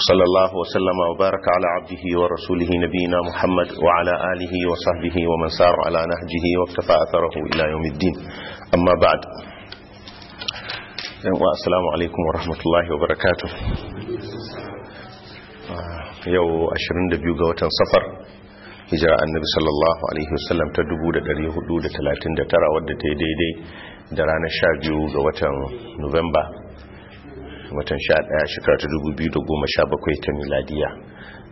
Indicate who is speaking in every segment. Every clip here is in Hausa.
Speaker 1: وصلى الله وسلم وبارك على عبده ورسوله نبينا محمد وعلى آله وصحبه ومن سار على نهجه واكتفى أثره إلى يوم الدين أما بعد السلام عليكم ورحمة الله وبركاته يو أشرين دبيو قوة صفر hijira annabi sallallahu alaihi wasallam ta 1439 wadda ta yi daidai da ranar 12 ga watan nuwamba watan 11 shekara ta 2017 ta miladiya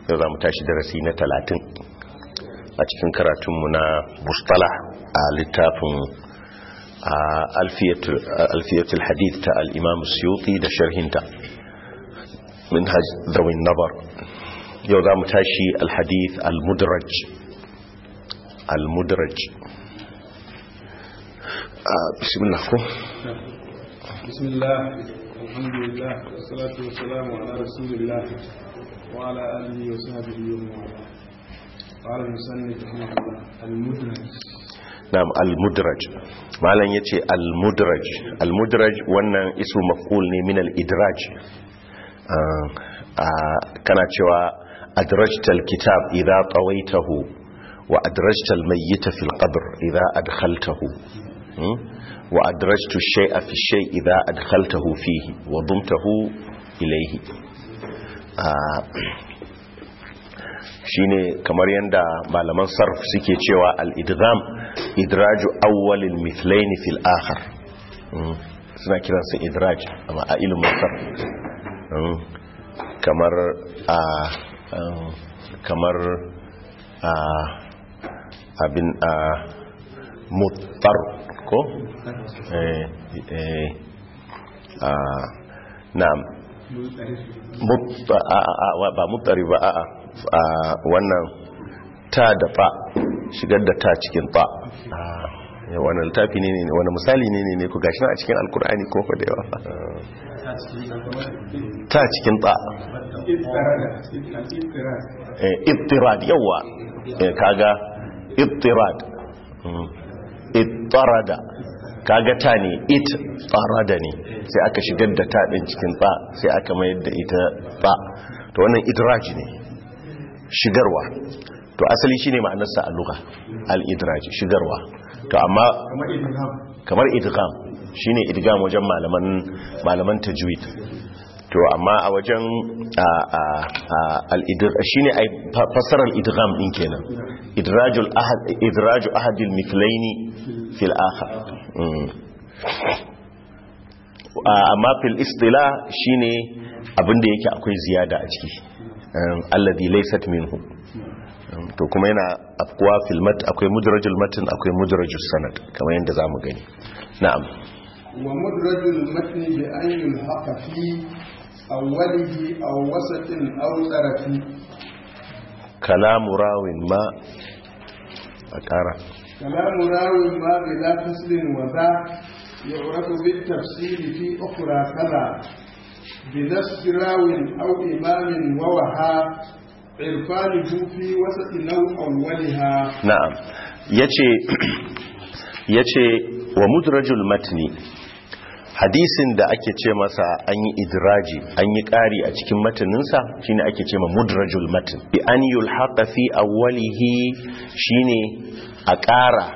Speaker 1: yau za mu tashi darasi na 30 a cikin karatunmu na bustala a littafin alfiyatul hadith ta al'imam suyuti da sharhinta min zawin nabar yau za mu tashi alhadith al-mudraj al-mudraj bismillah
Speaker 2: ko bismillah الحمد لله والصلاة والسلام على رسول الله وعلى آله وصحبه ومن والاه. قال
Speaker 3: المسند رحمه الله المدرج
Speaker 1: نعم المدرج ما لن يتي المدرج المدرج وانا اسم مفقول من الادراج آه، آه، كان شوى ادرجت الكتاب اذا طويته وادرجت الميت في القبر اذا ادخلته wa adrajtu shay'a fi shay'i idha adkhaltahu fihi wa dumtahu ilayhi ah, shine kamar yanda malaman sarf suke cewa al-idgham idraju awwalil mithlaini fil akhar hmm, suna kiransa idraj amma a ilimin sarf hmm, kamar a ah, hmm, kamar a ah, abin a mutar ko eh eh ah na'am ba mutari ba a wannan ta da fa shigar da ta cikin fa ah, eh, Wannan littafi ne ne wannan misali ne ne ku gashi na a cikin alkur'ani ko ku da yawa
Speaker 3: ta cikin ta eh, Ibtirad yawa eh,
Speaker 1: kaga ibtirad. Hmm. ittarada kaga ta ne it tsarada ne sai aka shigar da ta din cikin ba sai aka mayar da ita ba to wannan idraji ne shigarwa to asali shine ma'anarsa a lugha al-idraji shigarwa to amma kamar idgham shine idgham wajen malaman malaman tajwid to amma a wajen shi ne ai fasarar idgham din kenan idrajul ahad idraju ahadil mithlaini fil akhar mm. amma fil istila shine abinda yake akwai ziyada a ciki um, alladhi laysat minhu um, to kuma yana afkuwa fil akwai mudrajul matn akwai mudrajus sanad kamar yanda zamu gani na'am
Speaker 2: wa mudrajul matn bi an yulhaqa fi أوله أو وسط أو طرف
Speaker 1: كلام راو ما
Speaker 2: أكارا كلام راو ما بلا فصل وذا يعرف بالتفصيل في أخرى كذا بنفس راو أو إمام ووها عرفانه في وسط أو أولها
Speaker 1: نعم يتي يتي ومدرج المتن hadisin da ake ce masa an yi idraji an yi ƙari a cikin mataninsa shine ake ce ma mudrajul matin bi an yulhaqa fi awwalihi shine a ƙara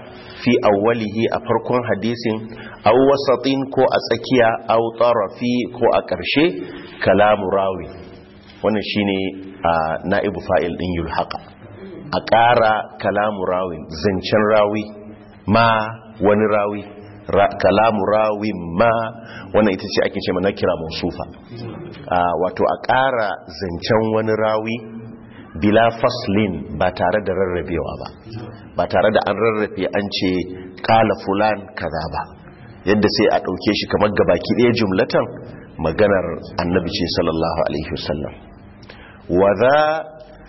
Speaker 1: fi awwalihi a farkon hadisin aw wasatin ko a tsakiya aw tarafi ko a ƙarshe kalamu rawi wannan shine a na'ibu fa'il din ulhaka a ƙara kalamu rawi zancen rawi ma wani rawi kalamu rawin ma wannan ita ce ake ce mana kira musufa wato a ƙara zancen wani rawi bila faslin ba tare da rarrabewa ba ba tare da an rarrafe an ce kala fulan kaza ba yadda sai a ɗauke shi kamar ki ɗaya jumlatan maganar annabi ce sallallahu alaihi wasallam wa za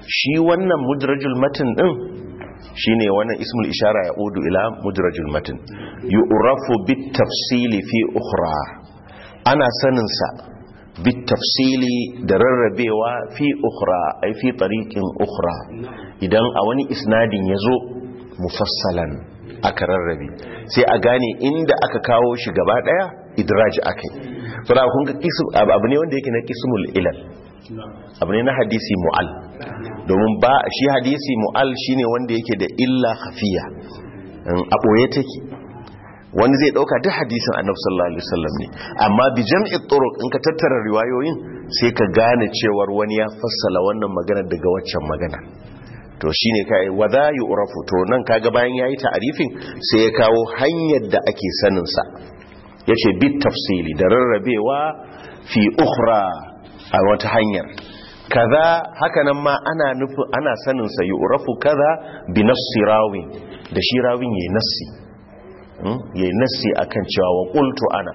Speaker 1: shi wannan mudrajul matan ɗin shine wannan ismul ishara ya udu ila mudrajul matin yu'rafu bit tafsili fi ukhra ana sanin sa bit tafsili da rarrabewa fi ukhra ay fi tariqin ukhra idan a wani isnadin yazo mufassalan aka rarrabe sai a gane inda aka kawo shi gaba daya idraj akai saboda kun ga abu ne wanda yake na qismul ilal abu ne na hadisi mu'al domin ba shi hadisi mu'al shine wanda yake da illa hafiya a ɓoye take wani zai ɗauka duk hadisin annabi sallallahu alaihi wasallam ne amma bi jam'i turuq in ka tattara riwayoyin sai ka gane cewar wani ya fassala wannan magana daga waccan magana to shine kai wada yu'rafu to nan kaga bayan yayi ta'arifin sai ya kawo hanyar da ake sanin sa yace bit tafsili da rarrabewa fi ukhra a wata hanyar kaza hakanan ma ana nufi ana sanin sa yu'rafu kaza bi nassi rawi da shi rawin yayi nassi hmm? yayi nassi akan cewa wa qultu ana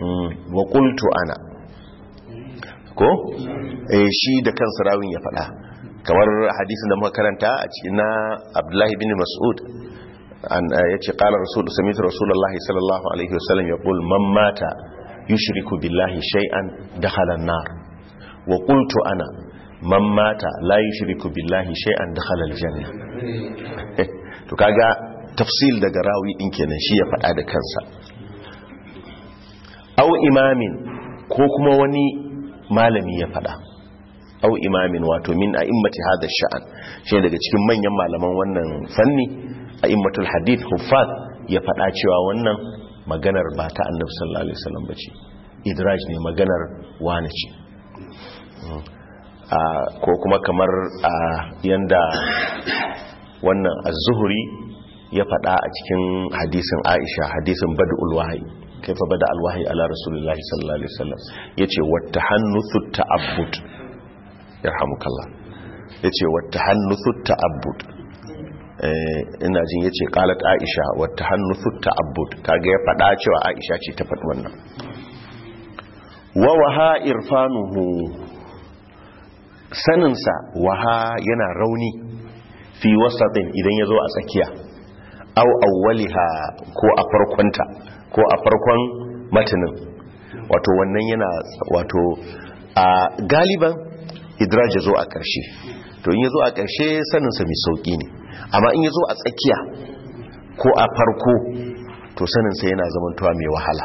Speaker 1: hmm? wa qultu ana ko eh shi da kansa rawin ya faɗa kamar hadisin da muka karanta a cikin na Abdullahi bin Mas'ud an eh, yace qala rasulullahi sallallahu alaihi wasallam yaqul man mata yushriku billahi shay'an dakhala an-nar wa qultu ana man mata la yushriku billahi shay'an dakhala al-janna to kaga tafsil daga rawi din kenan shi ya faɗa da kansa aw imamin ko kuma wani malami ya faɗa aw imamin wato min a'immati hadha sha'an shi daga cikin manyan malaman wannan fanni a'immatul hadith huffaz ya faɗa cewa wannan maganar ba ta annabi sallallahu alaihi wasallam bace idraj ne maganar wani ce ko kuma kamar a yanda wannan az-zuhri ya faɗa a cikin hadisin Aisha hadisin bad'ul wahyi kaifa bada al-wahyi ala rasulullahi sallallahu alaihi wasallam yace wattahannuthu ta'abbud yarhamukallah yace wattahannuthu ta'abbud Eh, ina jin yace qalat aisha wa tahannuthu ta'abbud kaga ya fada cewa aisha ce ta faɗi wannan wa waha irfanuhu saninsa waha yana rauni fi wasatin idan ya zo a tsakiya au awwaliha ko a farkonta ko a farkon matanin wato wannan yana wato a galiban idraj ya zo a karshe to in ya zo a ƙarshe saninsa mai sauki ne amma in ya zo a tsakiya ko a farko to saninsa yana zamantowa mai wahala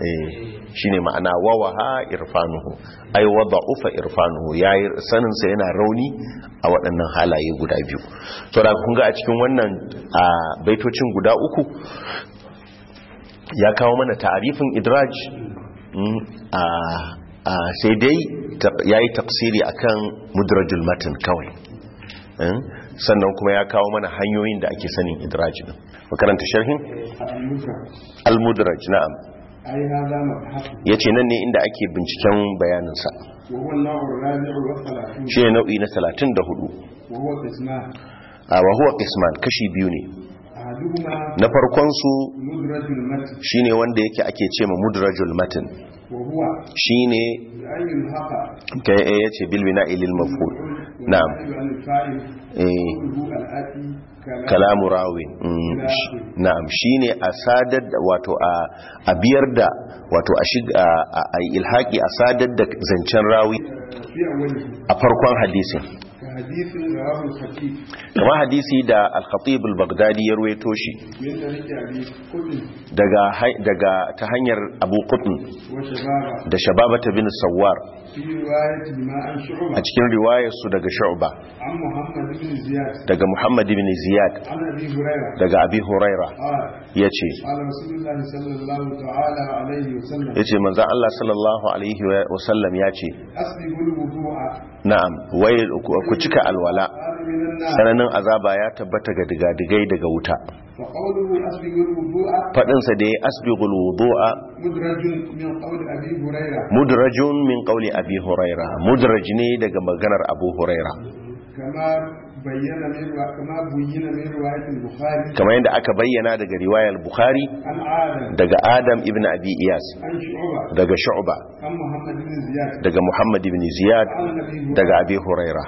Speaker 1: eh, shi ne ma'ana wawaha irfanuhu ai wadda ufa irfanuhu ya yi saninsa yana rauni a waɗannan halaye guda biyu to da ga a cikin wannan a baitocin guda uku ya kawo mana tarifin idraj hmm, sai dai ya yi tafsiri akan mudrajul kawai hmm, sannan kuma ya kawo mana hanyoyin da ake sanin idraj din makaranta sharhin al-mudraj na'am yace nan ne inda ake binciken bayanin sa shi ne nau'i na 34 a wa huwa qisman kashi biyu ne
Speaker 2: na farkon su
Speaker 1: shine wanda yake ake ce ma mudrajul matin shine ka yi ya ce bina ilil maf'ul na'am eh kalamu rawin na'am shine a sadar wato a biyar da wato a shiga a ilhaki a sadar da zancen rawi a farkon hadisin
Speaker 2: kamar
Speaker 1: hadisi da al-khatib al-baghdadi ya ruwaito shi daga ta hanyar abu qutn da shababata bin sawwar a cikin riwayarsu daga sha'uba daga muhammad ibn ziyad daga abi huraira ya ce ya ce manzan allah sallallahu alaihi wasallam ya ce na'am ku cika alwala sananin azaba ya tabbata ga digadigai daga wuta faɗinsa da ya asbigul wudu'a mudrajun min ƙauli abi huraira mudraj ne daga maganar abu huraira
Speaker 2: bayyana kama buyyana min riwayatil bukhari kamar
Speaker 1: yadda aka bayyana daga riwayar bukhari daga adam ibn abi iyas daga shu'ba daga muhammad ibn ziyad daga abi huraira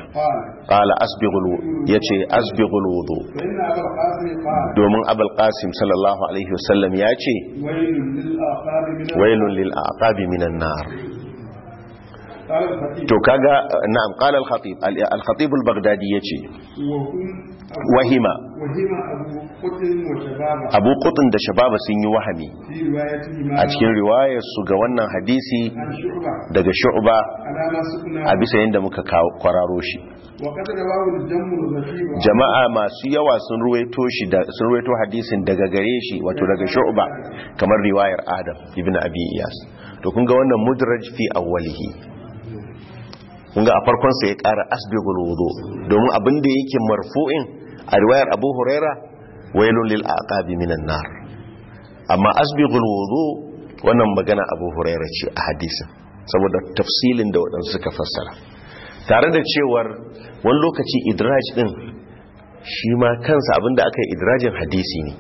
Speaker 1: qala asbighul yace asbighul wudu domin abul qasim sallallahu alaihi wasallam yace wailun lil aqabi minan nar to kaga na'am qala al-khatib al-khatib al-baghdadi yace
Speaker 2: wahima abu
Speaker 1: qutn da shababa sun yi wahami a cikin riwayar su ga wannan hadisi daga shu'ba a bisa yanda muka kwararo shi jama'a masu yawa sun ruwaito shi da sun ruwaito hadisin daga gare shi wato daga shu'ba kamar riwayar adam ibn abi iyas to kun ga wannan mudraj fi awwalihi Kunga a farkon sa ya kara asbigul wudu domin abin da yake marfu'in a riwayar Abu Huraira waylun lil aqabi minan nar amma asbigul wudu wannan magana Abu Huraira ce a hadisin saboda tafsilin da waɗansu suka fassara tare da cewar wani lokaci idraj din shi ma kansa abinda aka yi idrajin hadisi ne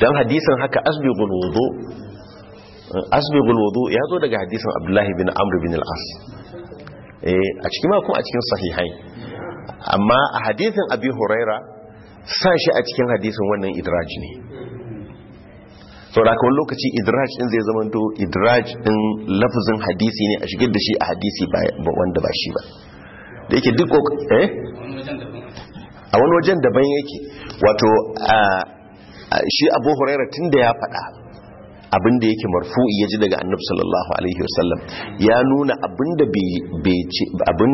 Speaker 1: dan hadisin haka asbigul wudu asbigul wudu ya zo daga hadisin abdullah bin Amr bin al-As Eh, a cikin ma kuma a cikin sahihai amma a hadithin abi huraira sa shi a cikin hadithin wannan idraj ne sauraka wani lokaci idraj din zai zama to idraj din lafazin hadisi ne a shigar da shi a hadisi wanda ba shi ba da yake duk eh a wani wajen daban yake wato shi abu huraira tun da ya faɗa abin da yake marfu'i ya ji daga annabi sallallahu alaihi wasallam ya nuna abinda bai abin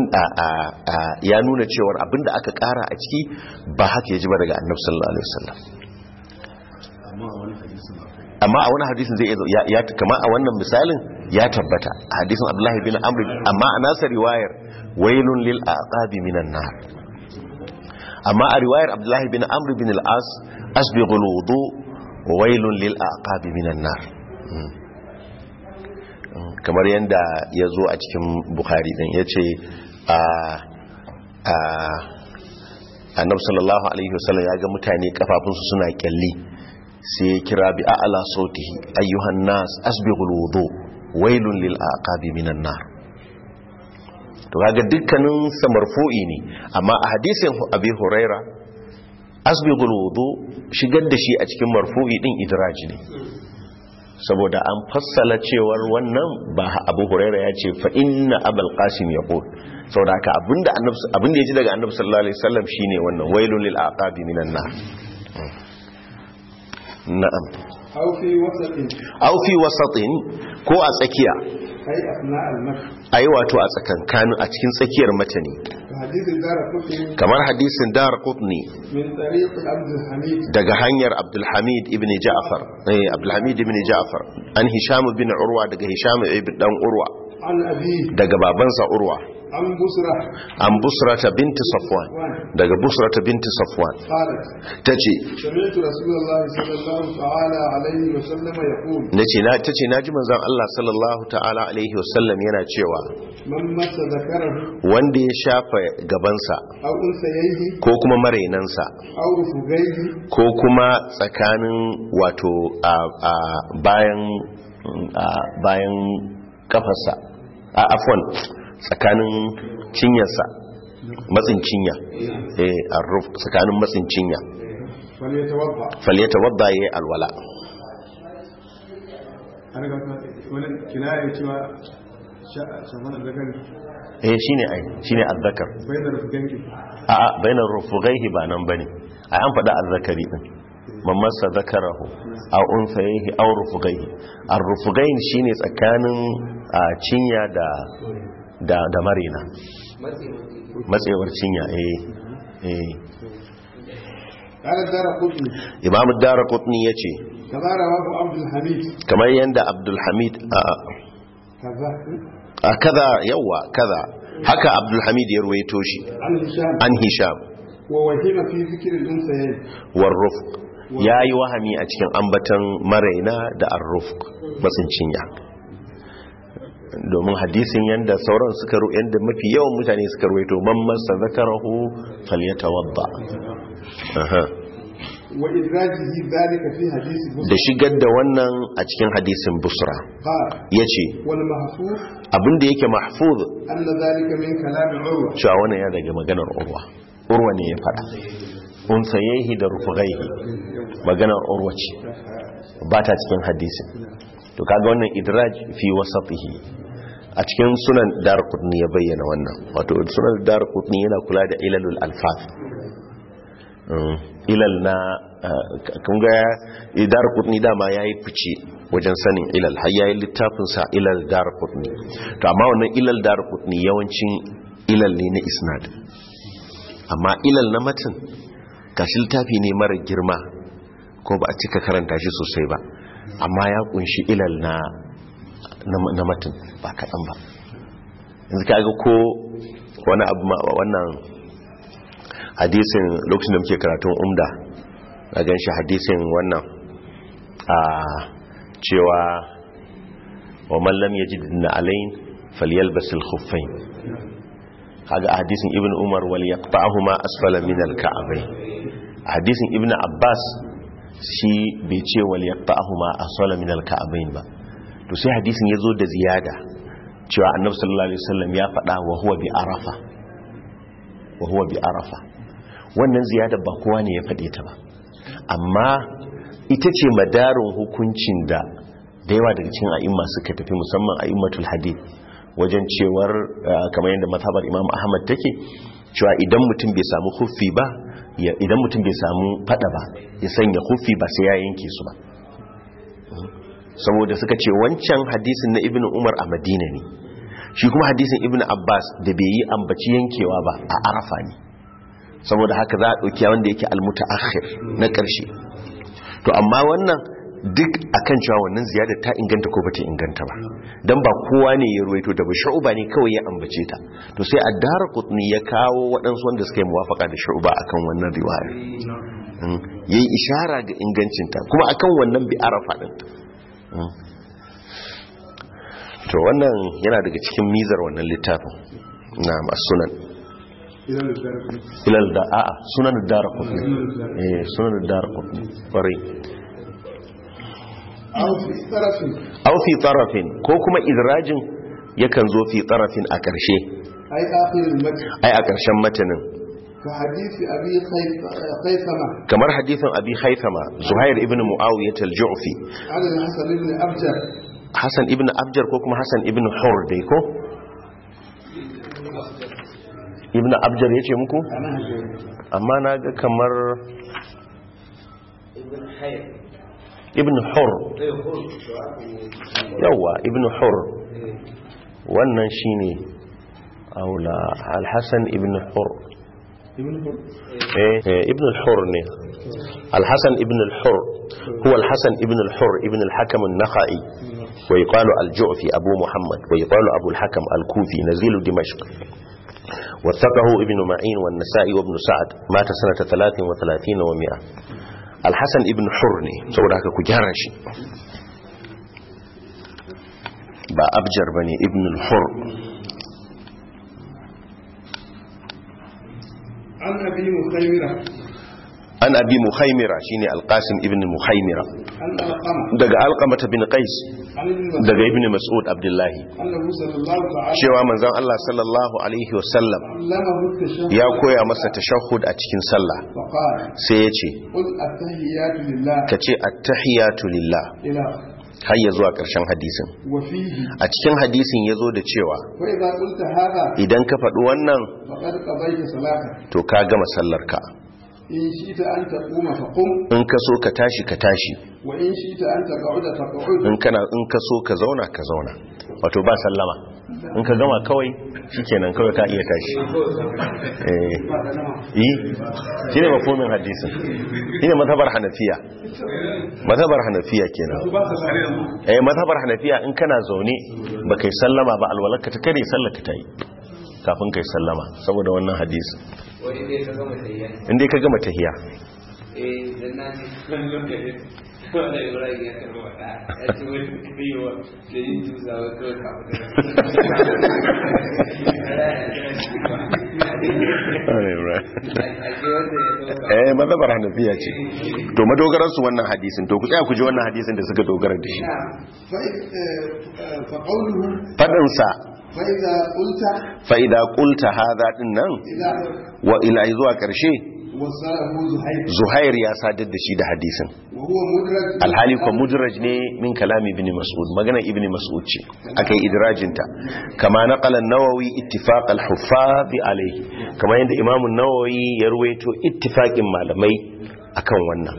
Speaker 1: ya nuna cewar abin da aka kara a ciki ba haka ya ji ba daga annabi sallallahu alaihi wasallam amma a wani hadisin zai ya kama a wannan misalin ya tabbata a hadisin abdullahi bin amr amma a nasa riwayar wailun lil aqabi minan nar amma a riwayar abdullahi bin amr bin al-as asbighul wudu wailun lil aqabi minan nar hmm. kamar yanda ya zo a cikin bukhari din yace a a annabi sallallahu alaihi wasallam ya ga mutane kafafunsu suna kyalli sai ya kira bi a'la sautihi ayyuhan nas asbighul wudu wailun lil aqabi minan nar to kaga dukkanin samarfu'i ne amma a hadisin abi hurairah asbigul wudu shigar da shi a cikin marfu'i din idraj ne saboda an fassala cewar wannan ba abu huraira ya ce fa inna abul qasim yaqul saboda haka abinda annabi abinda yaji daga annabi sallallahu alaihi wasallam shine wannan wailul lil aqabi minan nar hmm. na'am
Speaker 2: aufi
Speaker 1: wasatin ko a tsakiya ai wato a tsakankanin a cikin tsakiyar matani kamar hadisin dar qutni daga hanyar abdulhamid ibn ja'far eh, ibn ja'far an hishamu bin urwa daga hishamu ibn dan urwa daga babansa urwa an busra ta binti safwan daga Busra ta binti safwan ta ce ta ce na ji manzan Allah sallallahu ta'ala alaihi wasallam yana cewa wanda ya shafa gabansa ko kuma marainansa ko kuma tsakanin wato bayan kafarsa a afon tsakanin cinyarsa
Speaker 3: matsin cinya
Speaker 1: eh arruf tsakanin matsin cinya faliyata wadda ya yi alwala eh shine ai shine azzakar Bainar rufugaihi ba nan ba ne an faɗa azzakari din mamasa zakarahu a unsayihi au rufugai. ar rufugai shine tsakanin cinya da da da marina matsewar cinya eh eh imam ad-darqutni yace kamar yadda Abdulhamid. hamid a kada kaza yawa kada. haka Abdulhamid ya ruwaito shi an hisham
Speaker 2: wa wahima fi zikr al-unsayayn
Speaker 1: war rufq ya yi wahami a cikin ambatan maraina da arrufk cinya. domin hadisin yadda sauran suka ru yadda mafi yawan mutane suka ruwaito mamman sa falyata wadda da shigar da wannan a cikin hadisin busra ya ce abinda yake mahfuz cewa wani ya daga maganar urwa urwa ne ya fada unsayehi da rufugaihi magana urwaci ba ta cikin hadisin to kaga wannan idraj fi wasatihi a cikin sunan darqutni ya bayyana wannan wato sunan darqutni yana kula da ilalul alfaz mm, ilal na eh, kun ga darqutni dama yayi fice wajen sanin ilal har yayi littafin sa ilal darqutni to amma wannan ilal darqutni yawancin ilal ne na isnad amma ilal na matan gashi littafi ne mara girma ko ba a cika karanta shi sosai ba amma ya kunshi ilal na na mutum ba kaɗan ba yanzu ka ga ko wani abu ma wannan hadisin lokacin da muke karatun umda a gan shi hadisin wannan a cewa wa mallam ya ji na alayin faliyal basil khuffain kaga a hadisin ibn umar wal yaqta'ahuma asfala min al ka'bay a hadisin ibn abbas shi bai ce wal yaqta'ahuma asfala min al ka'bay ba to sai hadisin zo da ziyada cewa annabi sallallahu alaihi wasallam ya faɗa wa huwa bi arafa wa huwa bi arafa wannan ziyada ba kowa ne ya faɗe ta ba amma ita ce madarin hukuncin da da yawa daga cikin a'imma suka tafi musamman a'immatul hadith wajen cewar eh, kamar yadda mazhabar imam ahmad take cewa idan mutum bai samu hufi ba idan mutum bai samu fada ba ya sanya hufi ba sai ya yanke su ba saboda suka ce wancan hadisin na ibn umar a madina ne shi kuma hadisin ibn abbas da bai yi ambaci yankewa ba a arafa ne saboda haka za a ɗauki wanda yake almuta akhir na karshe to amma wannan duk akan cewa wannan ziyada ta inganta ko bata inganta ba dan ba kowa ne ya ruwaito da ba shu'ba ne kawai ya ambace ta to sai addara qutni ya kawo waɗansu wanda suka yi muwafaka da shu'ba akan wannan riwaya hmm. yayi ishara ga ingancin ta kuma akan wannan bi arafa din hmm. to wannan yana daga cikin mizar wannan littafin na sunan ilal da a'a sunan darqutni eh sunan darqutni
Speaker 2: aw
Speaker 1: fi tarafin ko kuma idrajin yakan zo fi tarafin a ƙarshe ai a ƙarshen matanin kamar hadithin abi haithama zuhair ibn muawiyah al-ju'fi hasan ibn abjar ko kuma hasan ibn hur dai ko ibn abjar yace muku amma na ga kamar
Speaker 3: ibn ابن حر
Speaker 2: يوى ابن حر
Speaker 1: والنشيني او لا الحسن ابن حر إيه،, ايه ابن الحر الحسن ابن الحر هو الحسن ابن الحر ابن الحكم النخائي ويقال الجعفي ابو محمد ويقال ابو الحكم الكوفي نزيل دمشق وثقه ابن معين والنسائي وابن سعد مات سنة 33 و100 alhassan ibn hur ne saboda haka ku gyara shi ba abjar ba ne ibn hur
Speaker 2: an abi musaira
Speaker 1: an abi muhaimira shine alqasim ibn muhaimira daga alqamata bin qais daga ibn mas'ud abdullahi cewa manzon Allah sallallahu alaihi wasallam ya koya masa tashahhud a cikin sallah sai ya ce ka ce attahiyatu lillah har ya zuwa ƙarshen hadisin a cikin hadisin ya zo da cewa idan ka faɗi wannan to ka gama sallar ka.
Speaker 2: in shi ta an in
Speaker 1: ka so ka tashi ka tashi wa in shi ta an in in ka so ka zauna ka zauna wato ba sallama in ka gama kawai shi kenan kawai ka iya tashi
Speaker 2: eh, eh. shi ne mafomin hadisin shi
Speaker 1: ne mazhabar hanafiya mazhabar hanafiya kenan eh mazhabar hanafiya in kana zaune ba kai sallama ba alwalarka ta kare sallar ka ta yi kafin kai sallama saboda wannan hadisin inda ka gama tahiya
Speaker 3: eh eh mazhabar
Speaker 1: hanafiya ce to madogarar su wannan hadisin to ku tsaya ku ji wannan hadisin da suka dogara da shi faɗin fa'ida kulta hada din nan wa ila zuwa ƙarshe. zuhair ya sadar da shi da hadisin alhali kuwa mudraj ne min kalam ibn mas'ud magana ibn mas'ud ce aka yi idrajinta kama naqala nawawi ittifaq al bi alayhi kama yadda imamun nawawi ya ruwaito ittifaqin malamai akan wannan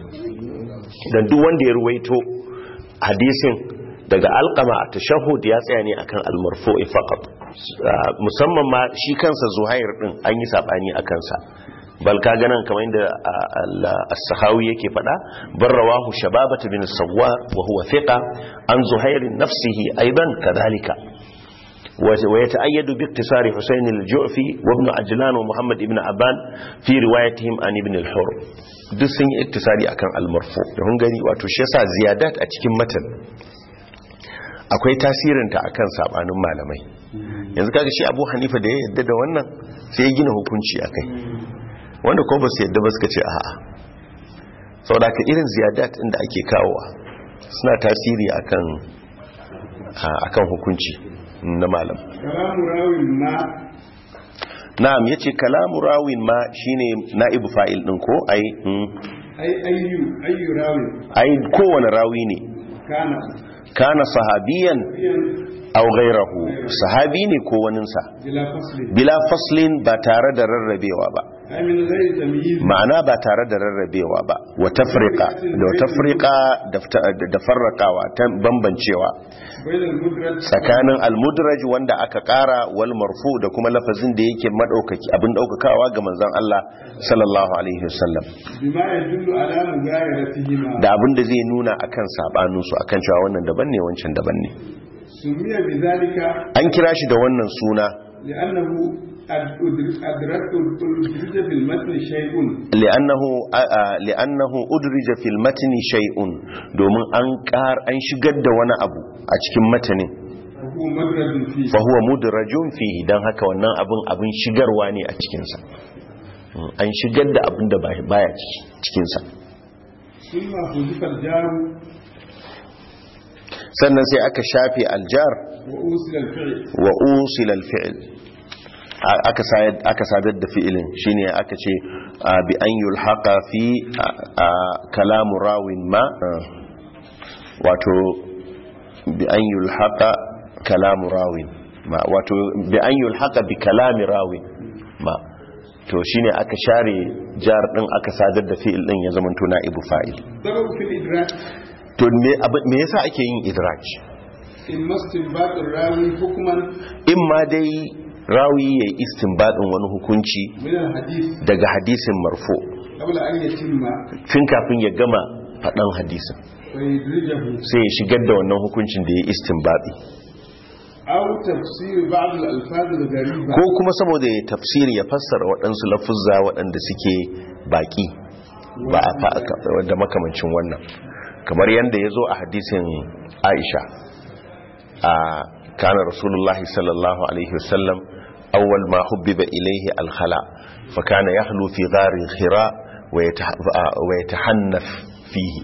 Speaker 1: dan duk wanda ya ruwaito hadisin daga alqama a tashahud ya tsaya ne akan al-marfu'i faqat musamman ma shi kansa zuhair din an yi sabani akan sa bal ka ganan kamar inda as-sahawi yake fada bar rawahu shababatu bin sawwar wa huwa thiqa an zuhair nafsihi aidan kadhalika ويتأيد باقتصار ibn الجعفي وابن Muhammad ومحمد Abban أبان في روايتهم عن ابن الحر duk sun yi iktisari akan almarfo da hun gani wato shi yasa ziyadat a cikin matan akwai tasirinta akan sabanin malamai yanzu kaga shi Abu Hanifa da ya yadda da wannan sai ya gina hukunci akai wanda kuma ba su yadda ba suka ce a sau da ka irin ziyadat inda ake kawowa suna tasiri akan kan hukunci na malam na'am yace kalamu rawin ma shine na'ibu fa'il ɗin ko ai hmm. ai kowane rawi ne kana sahabiyan aw gairahu sahabi ne ko bila faslin ba tare da rarrabewa ba ma'ana ba tare da rarrabewa ba wa tafriqa da wa tafriqa da farrakawa ta bambancewa tsakanin almudraj wanda aka kara wal marfu da kuma lafazin da yake madaukaki abin daukakawa ga manzon Allah sallallahu alaihi wasallam da abin da zai nuna akan sabanin su akan cewa wannan daban ne wancan daban ne an kira shi da wannan suna
Speaker 2: أدرج في المتن شيء
Speaker 1: لأنه لأنه أدرج في المتن شيء دومن أنكار أن شقد وانا أبو أتكم متنين fahuwa mudrajun fihi dan haka wannan abin abin shigarwa ne a cikinsa an shigar da abin da baya cikinsa sannan sai aka shafe aljar wa usilal fi'il aka sadar da fi'ilin shine aka ce ah, bi an haka fi kalamu rawin ma wato bi an haka kalamu rawin ma wato bi an haka bi kalami rawin ma to shine aka share jar din aka sadar da fi'il din ya zama zamanto na'ibu fa'il to me yasa ake yin idraj
Speaker 2: in mastin baqir rawi hukman imma dai
Speaker 1: rawi ya yi istinbadin wani hukunci daga hadisin marfo fin kafin ya gama faɗan hadisin sai ya shigar da wannan hukuncin da ya yi istinbadi ko kuma saboda ya tafsiri ya fassara waɗansu lafuzza waɗanda suke baƙi ba a fa'a da makamancin wannan kamar yadda ya zo a hadisin aisha a كان رسول الله صلى الله عليه وسلم أول ما حبب إليه الخلاء فكان يخلو في غار الخراء ويتحنف فيه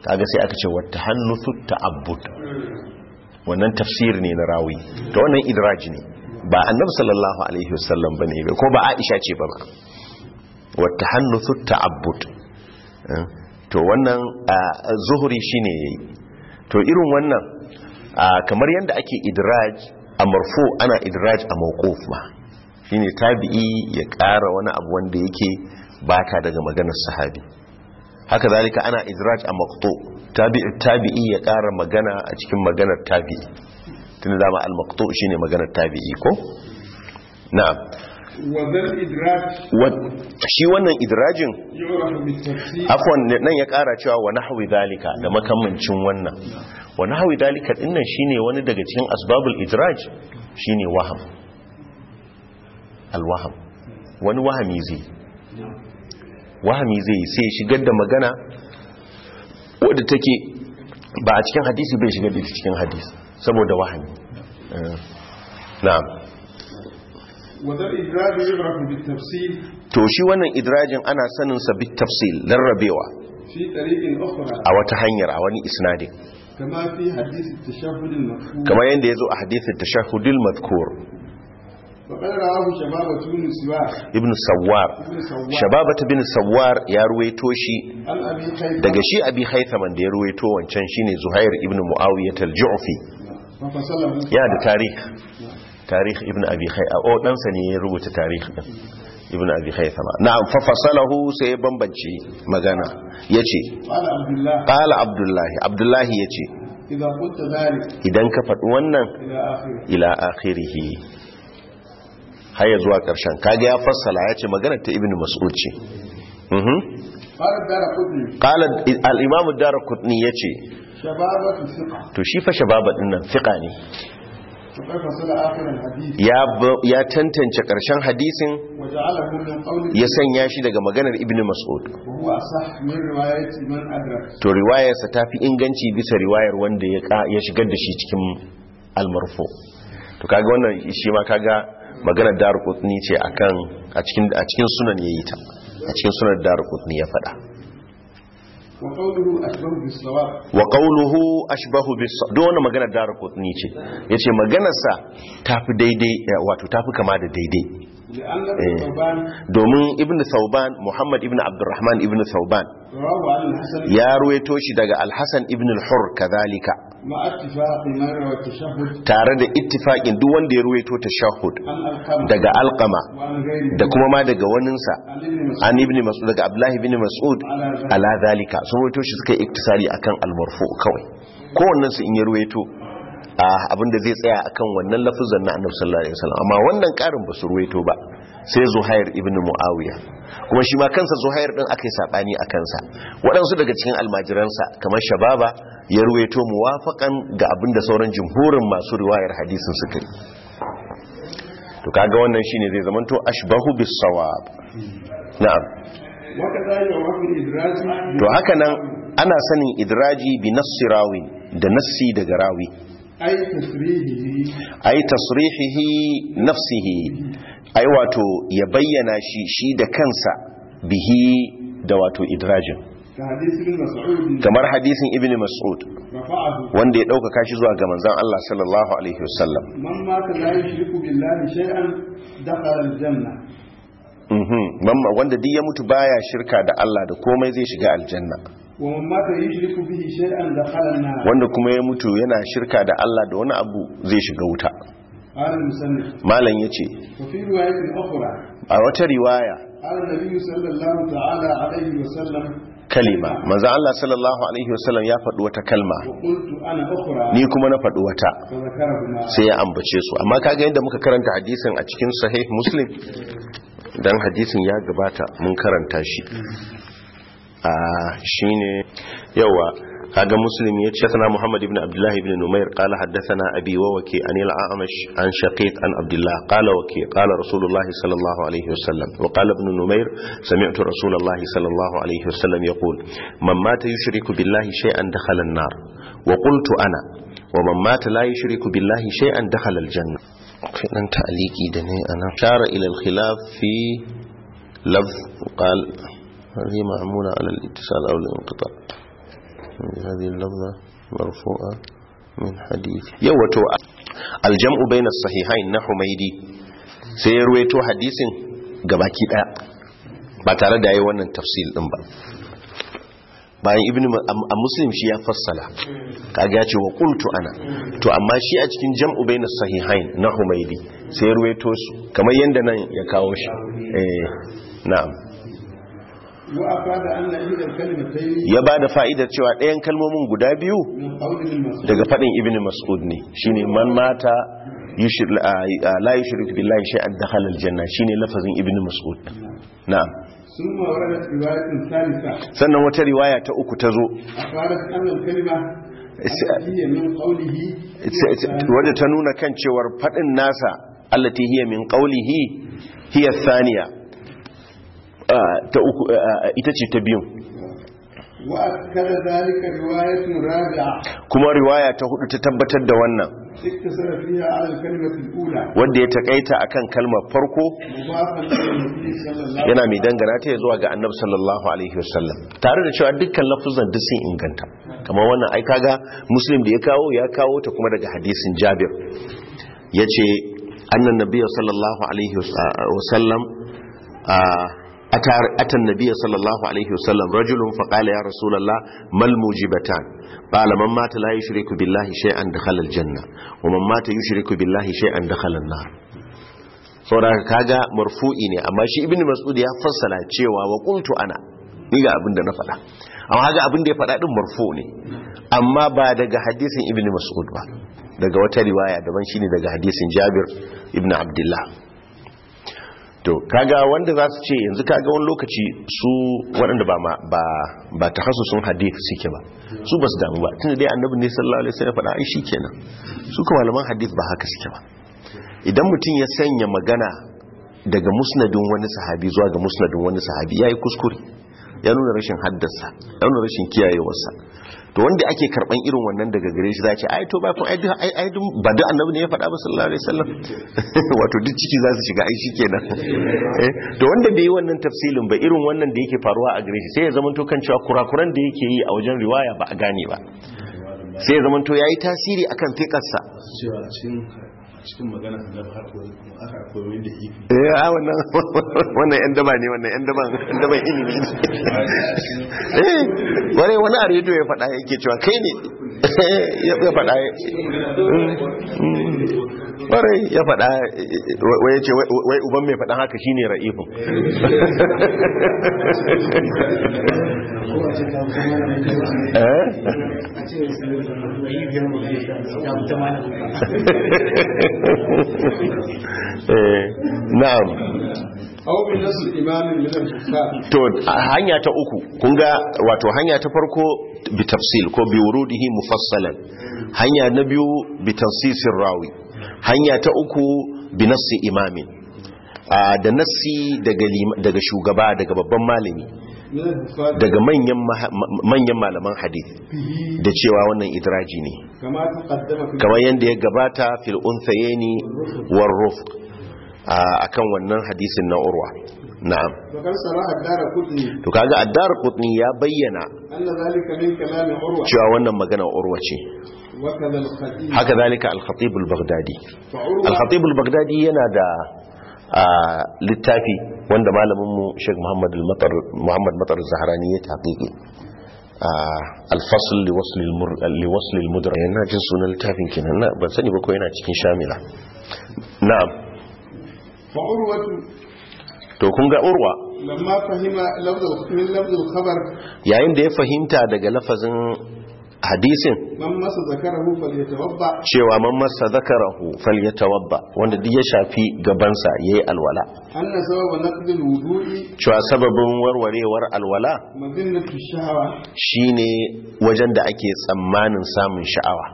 Speaker 1: kaga sai aka ce wata hannusu ta'abbud wannan tafsir ne na rawi to wannan idraj ne ba annabi sallallahu alaihi wasallam bane ba ko ba aisha ce ba ba wata hannusu ta'abbud eh? to wannan ah, zuhuri shine yayi to irin wannan kamar yadda ake idraj a marfo ana idraj a mawquf ma shine tabi'i ya ƙara wani abu wanda yake bata daga maganar sahabi haka zalika ana idraj a maqtu tabi'i ya ƙara magana a cikin maganar tabi'i tunda ma al-maqtu shine maganar tabi'i ko na'am shi wannan idrajin
Speaker 3: afon nan
Speaker 1: ya kara cewa wa nahwi dalika da makamancin wannan wa nahwi zalika dinnan shine wani daga cikin asbabul idraj shine waham alwaham wani wahami zai wahami zai sai shigar da magana wadda take ba a cikin hadisi bai shigar da cikin hadisi saboda wahami eh, na'am to shi wannan idrajin ana saninsa bit tafsil rarrabewa a wata hanyar a wani isnadin kama yadda ya zo a hadithin tashahudul madhkur ibn sawar shababata bin sawar ya ruwaito shi daga shi abi haithaman da ya ruwaito wancan shine zuhair ibn muawiyah jufi
Speaker 2: yana da tarihi
Speaker 1: Tarihi ibn abi khaifa o oh, ɗansa ne ya rubuta tarihi ɗin ibn abi khaifa na'am fa fasalahu sai bambance magana yace qala abdullahi abdullahi ya ce. idan ka faɗi wannan ila akhirihi har ya zuwa ƙarshen kaga ya fassala ya ce magana ta ibn mas'ud ce mhm. qala al ya ce.
Speaker 2: Shababatu yace
Speaker 1: to shi fa Shababatu nan fiqa ne ya tantance ƙarshen hadisin ya sanya shi daga maganar ibn mas'ud to riwayarsa ta fi inganci bisa riwayar wanda ya shigar da shi cikin almarfo to kaga wannan shi ma kaga maganar darukutni ce a cikin sunan ya yi ta a cikin sunan darukutni ya faɗa wa qawluhu ashbahu bis duk wannan magana daru kutni ce yace maganarsa sa tafi daidai wato tafi kama da daidai domin ibn sauban muhammad ibn abdurrahman ibn sauban ya ruweto shi daga alhassan ibn al-hur kazalika tare da ittifaqin duk wanda ya ta tashahhud daga alqama da kuma ma daga waninsa an ibn mas'ud daga abdullahi ibn mas'ud ala zalika sun ruweto shi suka iktisari akan al-marfu kawai kowannensu su in ya ruweto abinda zai tsaya akan wannan lafuzan na annabi sallallahu alaihi wasallam amma wannan karin ba su ruwaito ba sai zuhair ibn muawiya kuma shi ma kansa zuhair din akai sabani a kansa waɗansu daga cikin almajiransa kamar shababa ya ruwaito muwafakan ga abinda sauran jumhurin masu riwayar hadisin suka yi to kaga wannan shine zai zamanto ashbahu bis sawab na'am to haka nan ana sanin idraji bi nassi rawi da nassi daga rawi
Speaker 2: ai tasirihi
Speaker 1: nafsihi ai wato ya bayyana shi shi da kansa bihi da wato idrajin kamar hadisin ibn mas'ud wanda ya dauka kashi zuwa ga manzan Allah sallallahu alaihi wasallam wanda duk ya mutu baya shirka da Allah da komai zai shiga aljanna wanda kuma ya mutu yana shirka da Allah da wani abu zai shiga wuta malam ya ce a wata riwaya kalima maza Allah sallallahu alaihi wasallam ya faɗi wata kalma ni kuma na faɗi wata sai ya ambace su amma kaga yadda muka karanta hadisin a cikin sahih muslim dan hadisin ya gabata mun karanta shi a shine yawa kaga muslim ya ce sana muhammad ibn abdullah ibn numair qala a abi wa waki an al a'mash an shaqiq an abdullah qala waki qala rasulullah sallallahu alaihi wasallam wa qala ibn numair sami'tu rasulullah sallallahu alaihi wasallam yaqul man mata yushriku billahi shay'an dakhala an-nar wa qultu ana wa man mata la yushriku billahi shay'an janna fitan ta'liqi da ne ana shara ila al-khilaf fi هذه معمولة على الاتصال أو الانقطاع هذه اللفظة مرفوعة من حديث يوتو الجمع بين الصحيحين نحميدي سيرويتو حديث gabaki daya ba tare da yayi wannan tafsil din bayan ibn a muslim shi ya fassala kaga ya ce wa qultu ana to amma shi a cikin jam'u baina sahihain na humaydi sai ruwaito su kamar yanda nan ya kawo shi eh na'am
Speaker 2: ya
Speaker 1: ba da fa'idar cewa ɗayan kalmomin guda biyu daga faɗin ibn mas'ud ne ne man mata la yi bi billahi shay'an da halal janna shi ne lafazin ibn mas'ud na'am sannan wata riwaya ta uku ta zo wadda ta nuna kan cewar faɗin nasa allati hiya min qawlihi hiya thaniya ta uku ita ce ta biyun kuma riwaya ta hudu ta tabbatar da wannan wanda ya takaita akan kalmar farko yana mai dangana ta zuwa ga annabi sallallahu alaihi wasallam tare da cewa dukkan lafuzan duk sun inganta kamar wannan ai kaga muslim da ya kawo ya kawo ta kuma daga hadisin jabir ya ce annan nabiya sallallahu alaihi wasallam أتى النبي صلى الله عليه وسلم رجل فقال يا رسول الله ما الموجبتان قال من مات لا يشرك بالله شيئا دخل الجنة ومن مات يشرك بالله شيئا دخل النار saboda kaga marfu'i ne amma shi ibnu mas'ud ya fassala cewa wa qultu ana ni ga abinda na faɗa amma kaga abin ya faɗa din marfu ne amma ba daga hadisin ibnu mas'ud ba daga wata riwaya daban shine daga hadisin jabir ibnu abdullah to kaga wanda za su ce yanzu kaga wani lokaci su waɗanda ba ba ba ta hasu sun hadith suke ba su ba su damu ba tunda dai annabi ne sallallahu alaihi wasallam faɗa ai shikenan su kuma malaman hadith ba haka suke ba idan mutum ya sanya magana daga musnadin wani sahabi zuwa ga musnadin wani sahabi yayi kuskure ya nuna rashin haddasa ya nuna rashin kiyayewarsa to wanda ake karban irin wannan daga gare shi zace ai to ba kun ai ai ba da annabi ne ya faɗa ba sallallahu alaihi wasallam wato duk ciki za su shiga ai shikenan eh, to wanda bai yi wannan tafsilin ba irin wannan da yake faruwa a gare shi sai ya zama to kan cewa kurakuran da yake yi a wajen riwaya ba a gane ba sai ya zama to yayi tasiri akan fiqarsa
Speaker 3: cikin magana nan har koyi kuma aka koyi wani da ifi
Speaker 1: eh a wannan wannan yan daba ne wannan yan daban yan daban ilimi
Speaker 3: eh
Speaker 1: wani wani a rediyo ya faɗa yake cewa kai ne ya faɗa mm. ya faɗa wai ce wai uban mai faɗa haka shine ra'ifin
Speaker 3: eh? Eh,
Speaker 1: na'am to hanya ta uku kun ga wato hanya ta farko bitafsil ko biwurudihi mufassalan hanya na biyu bitansisin rawi hanya ta uku binassi imamin da nassi daga shugaba daga babban malami daga manyan malaman hadith da cewa wannan idraji ne
Speaker 2: kamar yadda
Speaker 1: ya gabata fil unsayeni war a akan wannan hadisin na urwa na'am
Speaker 2: to
Speaker 1: kaga addar qutni ya bayyana cewa wannan magana urwa ce haka zalika al-khatib al-baghdadi al-khatib al-baghdadi yana da littafi wanda malamin mu Sheikh Muhammad al-Matar Muhammad Matar Zahrani ya taqiqi al-fasl li wasl li wasl al-mudra yana jin sunan littafin kenan na ban sani ba ko yana cikin shamila na'am
Speaker 2: fa urwatu
Speaker 1: to kun ga urwa
Speaker 2: lamma fahima lafzul khabar
Speaker 1: yayin da ya fahimta daga lafazin hadisin cewa man masa zakarahu falyatawabba wanda duk ya shafi gabansa yayi alwala
Speaker 2: cewa sababin
Speaker 1: warwarewar alwala shine wajen da ake tsammanin samun sha'awa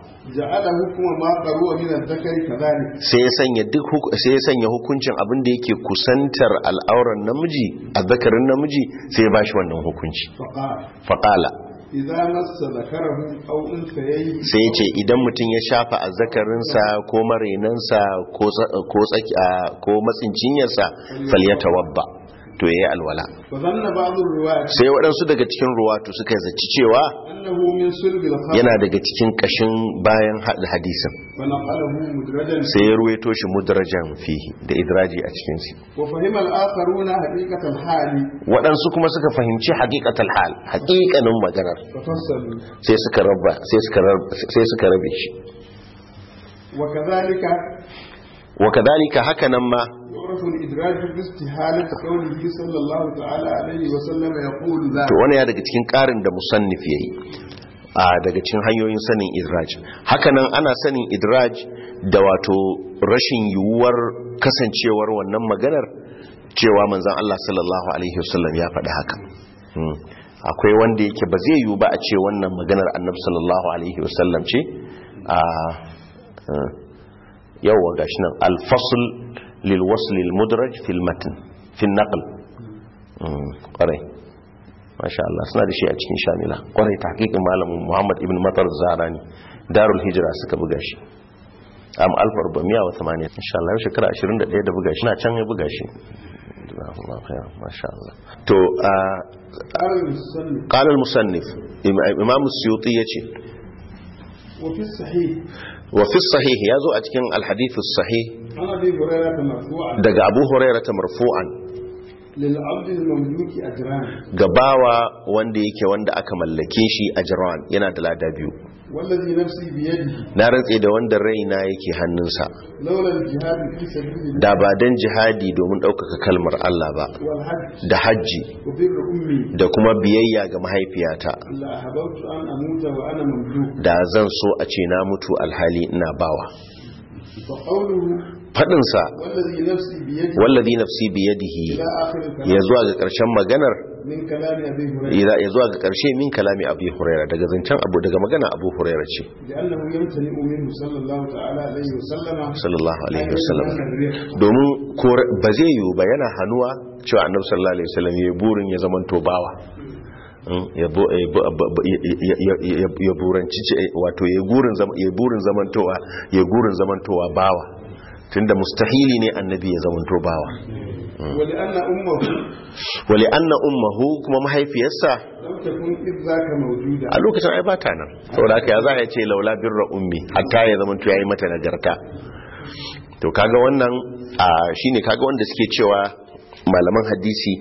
Speaker 1: sai ya sanya duk sai ya sanya hukuncin abin da yake kusantar al'auran namiji a azzakarin namiji sai ya bashi wannan hukunci faqala sai ya ce idan mutum ya shafa a zakarinsa, ko marinansa ko matsincinyarsa cinyarsa falyata wabba to yayi alwala sai waɗansu daga cikin ruwatu suka zaci cewa yana daga cikin kashin bayan haɗa hadisin sai ya ruwaito shi mudrajan fihi da idraji a cikin su waɗansu kuma suka fahimci haƙiƙatal hal haƙiƙanin maganar sai suka rabe shi wa kadhalika haka nan ma to wani ya daga cikin karin da musannif yayi a daga cikin hanyoyin sanin idraj haka nan ana sanin idraj da wato rashin yiwuwar kasancewar wannan maganar cewa manzan Allah sallallahu alaihi wasallam ya faɗi haka hmm. akwai wanda yake ba zai yiwu ba a ce wannan maganar annabi sallallahu alaihi wasallam ce a hmm. yawwa gashi nan alfasul lilwasl mudraj fil matn fil naql mm, kwarai masha Allah suna da shi a cikin shamila kwarai ta hakikin malamin Muhammad ibn Matar zara ne. Darul Hijira suka buga shi am alfar ba 1480 insha Allah shekara 21 da buga shi na can ya buga shi to qala al-musannif imam as-suyuti yace
Speaker 2: wa fi sahih
Speaker 1: وفي الصحيح يازو أتكين الحديث الصحيح دق أبو هريرة مرفوعا ga bawa wanda yake wanda aka mallake shi a jiran yana da lada biyu na rantse da wanda raina yake hannunsa da ba don jihadi domin ɗaukaka kalmar Allah ba da hajji da kuma biyayya ga mahaifiyata da zan so a ce na mutu alhali ina bawa faɗinsa wallazi nafsi biyadihi ya zuwa ga ƙarshen maganar ya zuwa ga ƙarshe min kalami abu huraira daga zancen abu daga magana abu huraira ce
Speaker 2: sallallahu alaihi wasallam
Speaker 1: domin ba zai yiwu ba yana hannuwa cewa annabi sallallahu alaihi wasallam ya burin ya zama tobawa hmm, ya ya zamantowa bawa tunda mustahili ne annabi ya zamanto bawa hmm. wali anna ummahu kuma mahaifiyarsa a lokacin ai bata nan saboda haka ya za ce laula birra ummi hatta ya zamanto yayi mata nagarta to kaga wannan shine kaga wanda suke cewa malaman hadisi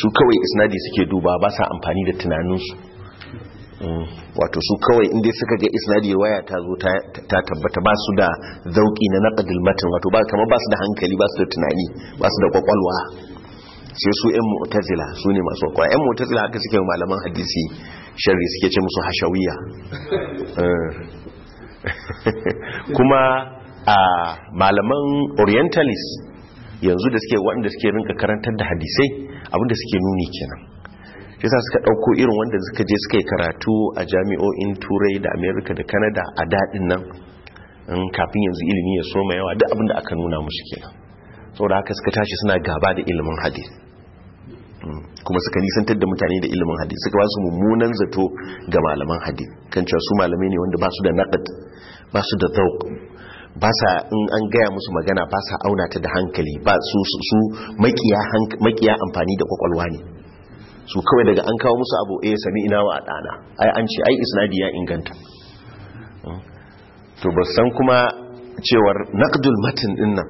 Speaker 1: su kawai isnadi suke duba ba sa amfani da tunaninsu wato su kawai inda suka ga isnadi waya ta zo ta tabbata ba su da zauki na naqdil matan wato ba kamar ba su da hankali ba su da tunani ba su da kwakwalwa sai su yan mu'tazila su ne masu kwakwalwa yan mu'tazila haka suke malaman hadisi sharri suke ce musu hashawiya eh. kuma a malaman orientalist yanzu da suke waɗanda suke rinka karantar da hadisai abinda suke nuni kenan shi sa suka ɗauko irin wanda suka je suka yi karatu a jami'o'in turai da amerika da Kanada a daɗin nan kafin yanzu ilimi ya soma yawa duk abinda aka nuna musu kenan saboda haka suka tashi suna gaba da ilimin hadis. Mm. kuma suka nisantar da mutane da ilimin hadis suka ba su mummunan zato ga malaman hadis. kan cewa su malamai ne wanda ba su da naqd ba su da zauk ba sa in an gaya musu magana ba sa auna ta da hankali ba su makiya amfani da kwakwalwa ne su kawai daga an kawo musu abu eh sami ina wa adana ai an ce ai isnadi ya inganta
Speaker 3: hmm. to ba
Speaker 1: san kuma cewar naqdul matn din nan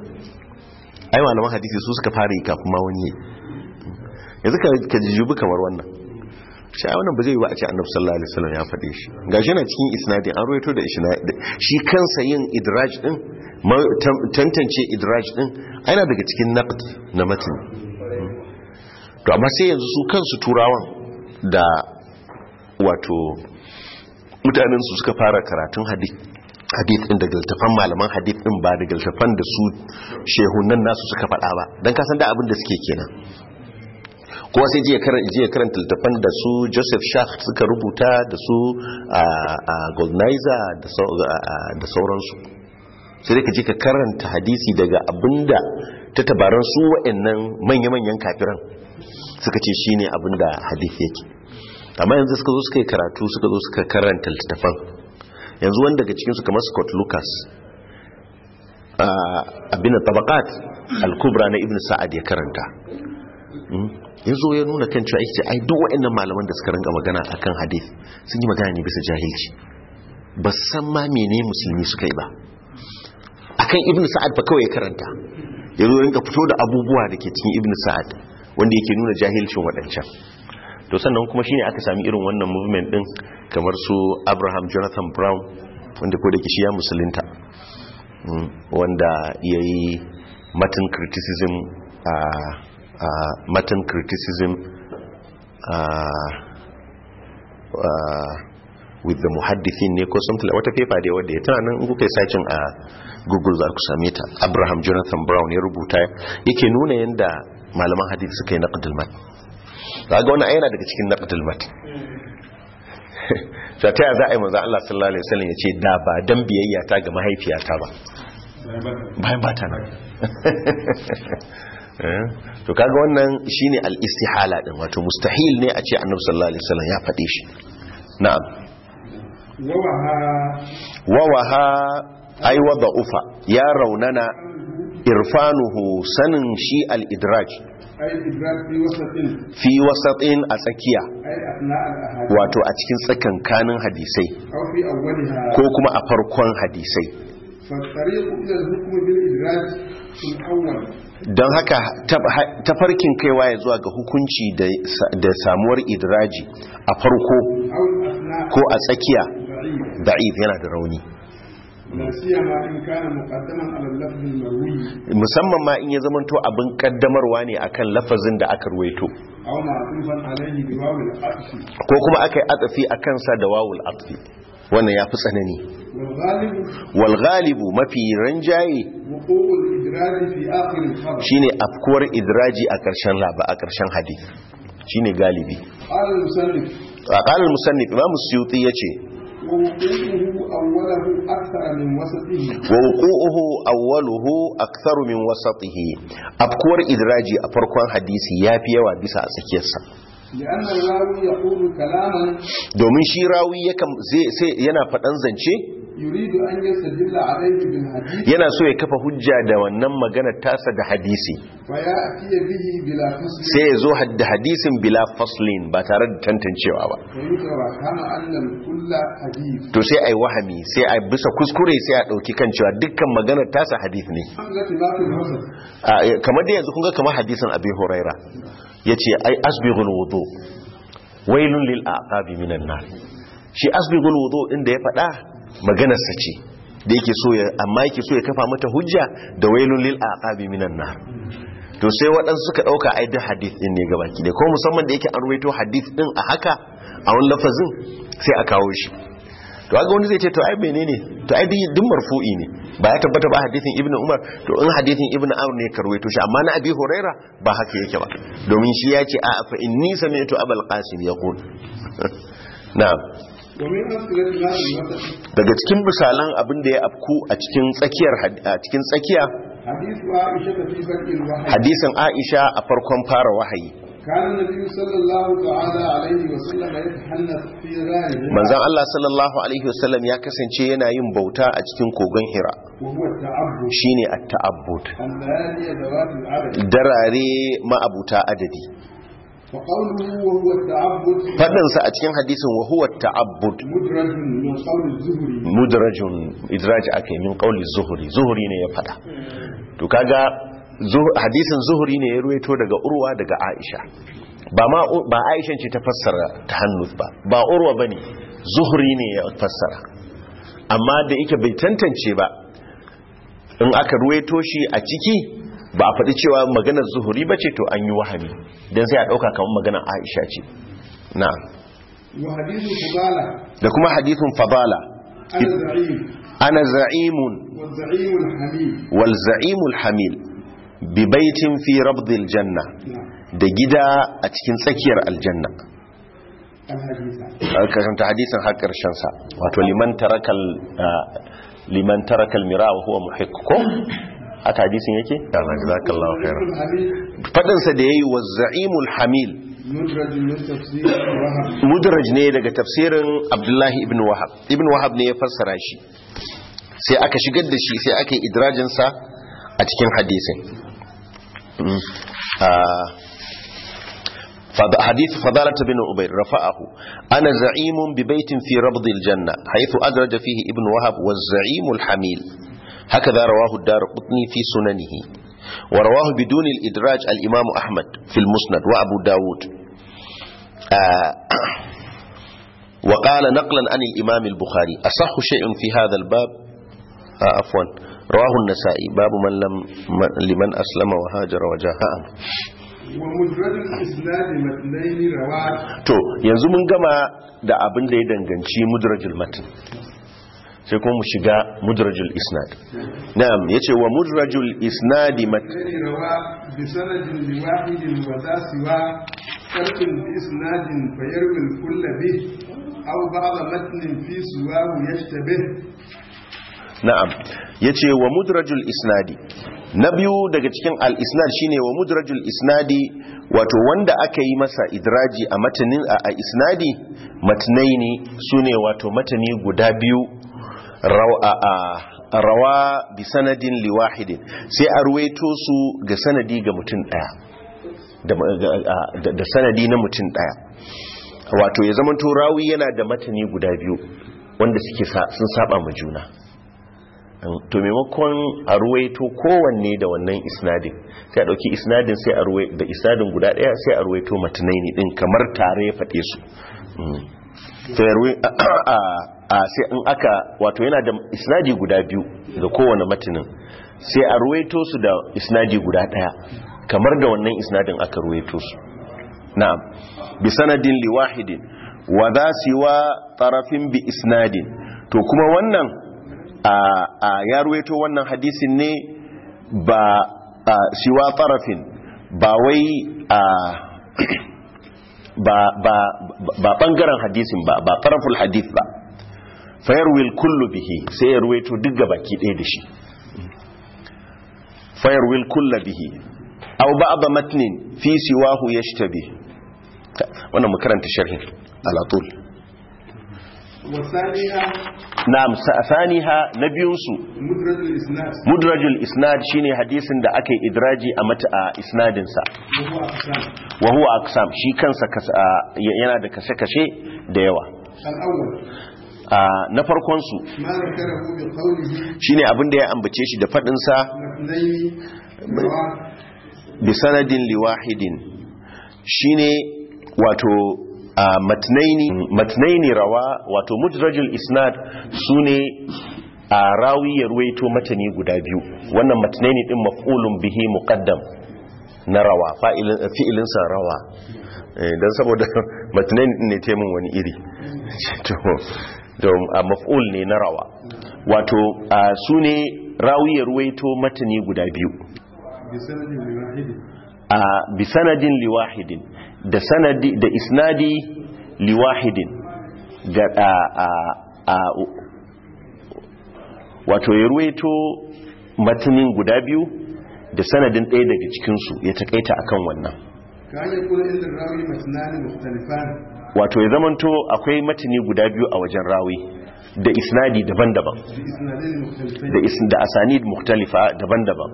Speaker 1: ai malaman hadisi su suka fara yi kafin ma wani hmm. yanzu ka jijjubi kamar wannan shi ai wannan ba zai yi ba a ce annabi sallallahu alaihi wasallam ya faɗe shi gashi yana cikin isnadi an ruwaito da isnadin shi kansa yin idraj din tantance idraj din ai na daga cikin naqd na matn to amma sai yanzu su kansu turawan da wato mutanen suka fara karatun hadith ɗin daga littafan malaman hadith ɗin ba daga littafan da su shehunan nasu suka faɗa ba don kasan da abin da suke kenan kowa sai je karanta littafan da su joseph shah suka rubuta da su a goldnizer da sauransu sai dai ka je ka karanta hadisi daga abinda ta tabaran su wa'annan manya-manyan kafiran suka ce shi ne abin da hadith yake amma yanzu suka zo suka yi karatu suka zo suka karanta littattafan yanzu wani daga cikinsu kamar scott lucas abin tabakat al-kubra na ibn sa'ad ya karanta hmm? Yanzu zo ya nuna kan cewa ce ai duk waɗannan malaman da suka ranga magana akan hadith sun yi magana ne bisa jahilci ba san ma mene musulmi suka yi ba akan ibn sa'ad fa kawai ya karanta ya zo ka fito da abubuwa da ke cikin ibn sa'ad wanda yake nuna jahilcin waɗancan to sannan kuma shine aka sami irin wannan movement din kamar su Abraham Jonathan Brown wanda ko da ke shi ya musulunta mm, wanda yayi matan criticism a matan criticism with the muhaddithin ne ko something like wata paper dai wadda ya tana nan kuka yi sacin a google za ku same ta abraham jonathan brown ya rubuta yake nuna yadda malaman hadith suka yi naqdul mat kaga wannan ayana daga cikin naqdul mat ta ta za a yi manzo Allah sallallahu alaihi wasallam ce da ba dan biyayya ta ga mahaifiyata ba bayan ba ta nan eh? to kaga wannan shine al-istihala din wato mustahil ne a ce annabi sallallahu alaihi wasallam ya faɗe shi na'am Wa wawaha wawaha ai wada'ufa ya raunana irfanuhu sanin shi al-idraj fi wasatin a tsakiya wato a cikin tsakankanin hadisai ko kuma a farkon hadisai don haka tafarkin kaiwa ya zuwa ga hukunci da samuwar idraji a farko ko a tsakiya da'if yana da rauni
Speaker 2: musamman
Speaker 1: ma in ya to abin kaddamarwa ne akan lafazin da aka ruwaito
Speaker 2: ko kuma
Speaker 1: aka yi atsafi a kansa da wawul atsafi wannan ya fi tsanani walghalibu mafi ranjaye ne afkuwar idraji a ƙarshen laba a ƙarshen hadith ne galibi a ƙalar musannif imam suyuti ya ce
Speaker 2: ووقوعه أوله أكثر من وسطه
Speaker 1: ووقوعه أوله أكثر من وسطه أبكور إدراجي أفرقان حديثي يابي وبسا سكيسا domin shi rawi yana faɗan zance yana so ya kafa hujja da wannan magana tasa da hadisi sai ya zo da hadisin bila faslin ba tare da tantancewa ba to sai ai wahami sai ai bisa kuskure sai a dauki kan cewa dukkan magana tasa hadis ne
Speaker 2: eh,
Speaker 1: kamar da yanzu kun ga kamar hadisin abi huraira yace ai asbighul wudu wailun lil aqabi minan nar shi asbighul wudu inda da ya faɗa maganarsa ce da yake so ya amma yake so ya kafa mata hujja da wailul lil aqabi minan nar to sai waɗansu suka ɗauka ai duk hadith din ne gabaki da ko musamman da yake an ruwaito hadith din a haka a wani lafazin sai a kawo shi to kaga wani zai ce to ai menene to ai din marfu'i ne ba ya tabbata ba hadithin ibnu umar to in hadithin ibnu amr ne ka ruwaito shi amma na abi huraira ba haka yake ba domin shi ya ce a fa inni sami'tu abul qasim yaqul na'am daga cikin misalan abin da ya afku a cikin tsakiyar a cikin tsakiya hadisin Aisha a farkon fara wahayi manzan Allah sallallahu Alaihi wasallam ya kasance yana yin bauta a cikin kogon hira shi ne a ta'abbut darare ma'abuta adadi
Speaker 2: faɗinsa
Speaker 1: a cikin hadisin wa huwa ta'abbud mudrajun idraj ake min kauli zuhuri zuhuri ne ya faɗa to kaga hadisin zuhuri ne ya ruwaito daga urwa daga aisha ba Aisha ce ta fassara ta hannus ba ba urwa ba ne zuhuri ne ya fassara amma da ike bai tantance ba in aka ruwaito shi a ciki ba a faɗi cewa maganar zuhuri ba ce to an yi wahami don sai a ɗauka kamar maganar aisha ce na da kuma hadithun fadala ana za'imun wal za'imul hamil bi baitin fi rabdil janna da gida a cikin tsakiyar aljanna karanta hadisin har ƙarshensa wato liman tarakal eh, liman tarakal mira wa huwa a tadisin yake fadansa da ya yi wa za'imul hamil mudraj ne daga tafsirin abdullahi ibn wahab ibn wahab ne ya fassara shi sai aka shigar da shi sai aka yi idrajinsa a cikin hadisin حديث فضالة بن أبير رفعه أنا زعيم ببيت في ربض الجنة حيث أدرج فيه ابن وهب والزعيم الحميل haka za rawahu darqutni fi sunanihi wa rawahu bidun idraj al-imam ahmad fil musnad wa abu daud wa qala naqlan an al bukhari asahhu shay'un fi hadha al-bab afwan nasai babu man liman aslama wa hajara wa jaha'a to yanzu mun gama da abin da ya danganci mudrajul sai kuma mu shiga mudrajul isnad na'am yace wa mudrajul isnad mat na'am yace wa mudrajul isnadi na biyu daga cikin al-isnad shine wa mudrajul isnadi wato wanda aka yi masa idraji a matanin a isnadi matnaini sune wato matani guda biyu rawa bi sanadin liwahidin sai a ruwaito su ga sanadi ga mutum daya da sanadi na mutum daya wato ya zama rawi yana da matani guda biyu wanda suke sun saba ma juna to maimakon a ruwaito kowanne da wannan isnadin sai a dauki isnadin sai a da isnadin guda daya sai a ruwaito matanai ne din kamar tare ya faɗe su mm. sai in aka wato yana da isnadi guda biyu ga kowane matinin sai a ruwaito su da isnadi guda daya kamar da wannan isnadin aka ruwaito su na'am bi sanadin liwahidin wa za wa tarafin bi isnadin to kuma wannan a ya ruwaito wannan hadisin ne ba siwa tarafin ba wai a ba bangaren hadisin ba ba taraful hadith ba fayarwil kullu bihi sai ya ruwaito duk ga baki ɗaya da shi fayarwil kullu bihi aw ba'da matnin fi siwahu yashtabi wannan mu karanta sharhin alatul na'am saniha na biyunsu mudrajul isnad shine hadisin da aka yi idraji a mata a isnadinsa Wahuwa huwa shi kansa yana da kase kashe da yawa na farkonsu shine abin da ya ambace shi da faɗinsa bi sanadin liwahidin shine wato matnaini matnaini rawa wato mujrajul isnad sune a rawi ya ruwaito matani guda biyu wannan matnaini din maf'ulun bihi muqaddam na rawa fa'ilin fi'ilin sa rawa eh, dan saboda matnaini din ne taimun wani iri to a maf'ul ne na rawa wato sune rawi ya ruwaito matani guda biyu
Speaker 2: bi sanadin liwahidin
Speaker 1: a bi sanadin liwahidin da sanadi da isnadi wahidin ga a a, a wato ya ruwaito matanin guda biyu da sanadin ɗaya daga cikinsu ya takaita akan wannan wato ya zamanto akwai matini guda biyu a wajen rawi da isnadi daban-daban da asanid muhtalifa daban-daban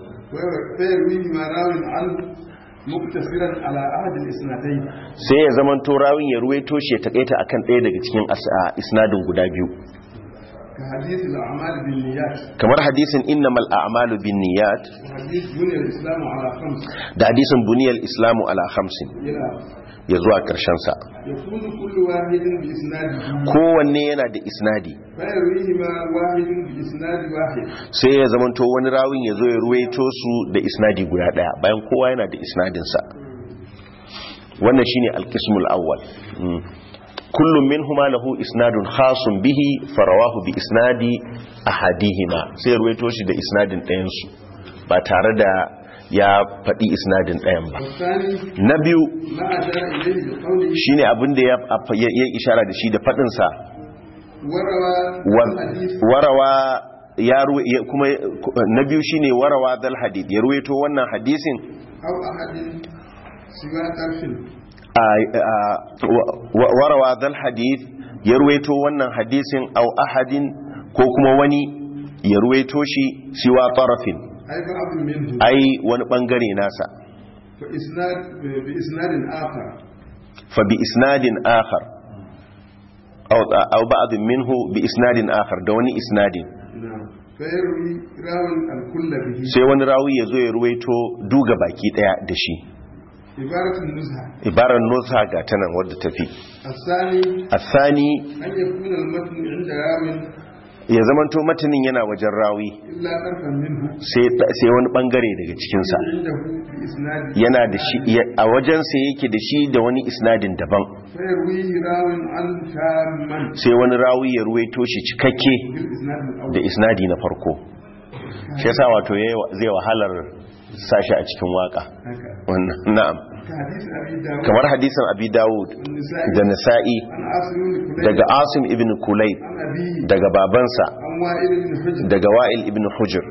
Speaker 1: sai ya zaman turawin ya ruwaito shi ya takaita akan ɗaya daga cikin isnadin guda biyu kamar hadisin innamal a'malu bin niyat da hadisin buniyar islamu ala hamsin ya zuwa karshen sa kowanne yana da isnadi sai ya zamanto wani rawin ya zo ya ruwaito su da isnadi guda daya bayan kowa yana da isnadinsa wannan shine alkismul awwal kullum min huma lahu isnadun khasun bihi farawahu bi isnadi ahadihima sai ya ruwaito shi da isnadin ɗayansu ba tare da ya faɗi isnadin ɗayan ba na biyu shi ne abinda ya ishara da shi da faɗinsa warawa ya kuma na biyu shi ne warawa zal hadith ya ruweto wannan hadisin warawa zal hadith ya ruweto wannan hadisin au ahadin ko kuma wani ya ruweto shi siwa tarafin ai wani bangare nasa fa bi isnadin akhar aw ba'd minhu bi isnadin akhar da wani isnadin sai wani rawi ya zo ya ruwaito duga baki daya da shi Ibaran nusa ga tanan wadda tafi asani ya zamanto matanin yana wajen rawi sai wani bangare daga cikinsa yana da shi a wajensa yake da shi da wani isnadin daban sai wani rawi ya ruwaito shi cikakke da isnadi na farko shi yasa wato zai wahalar sashi a cikin waka na'am kamar hadisan abi dawud da nasa'i daga asim ibn Kulai, daga babansa daga wa'il ibn hujr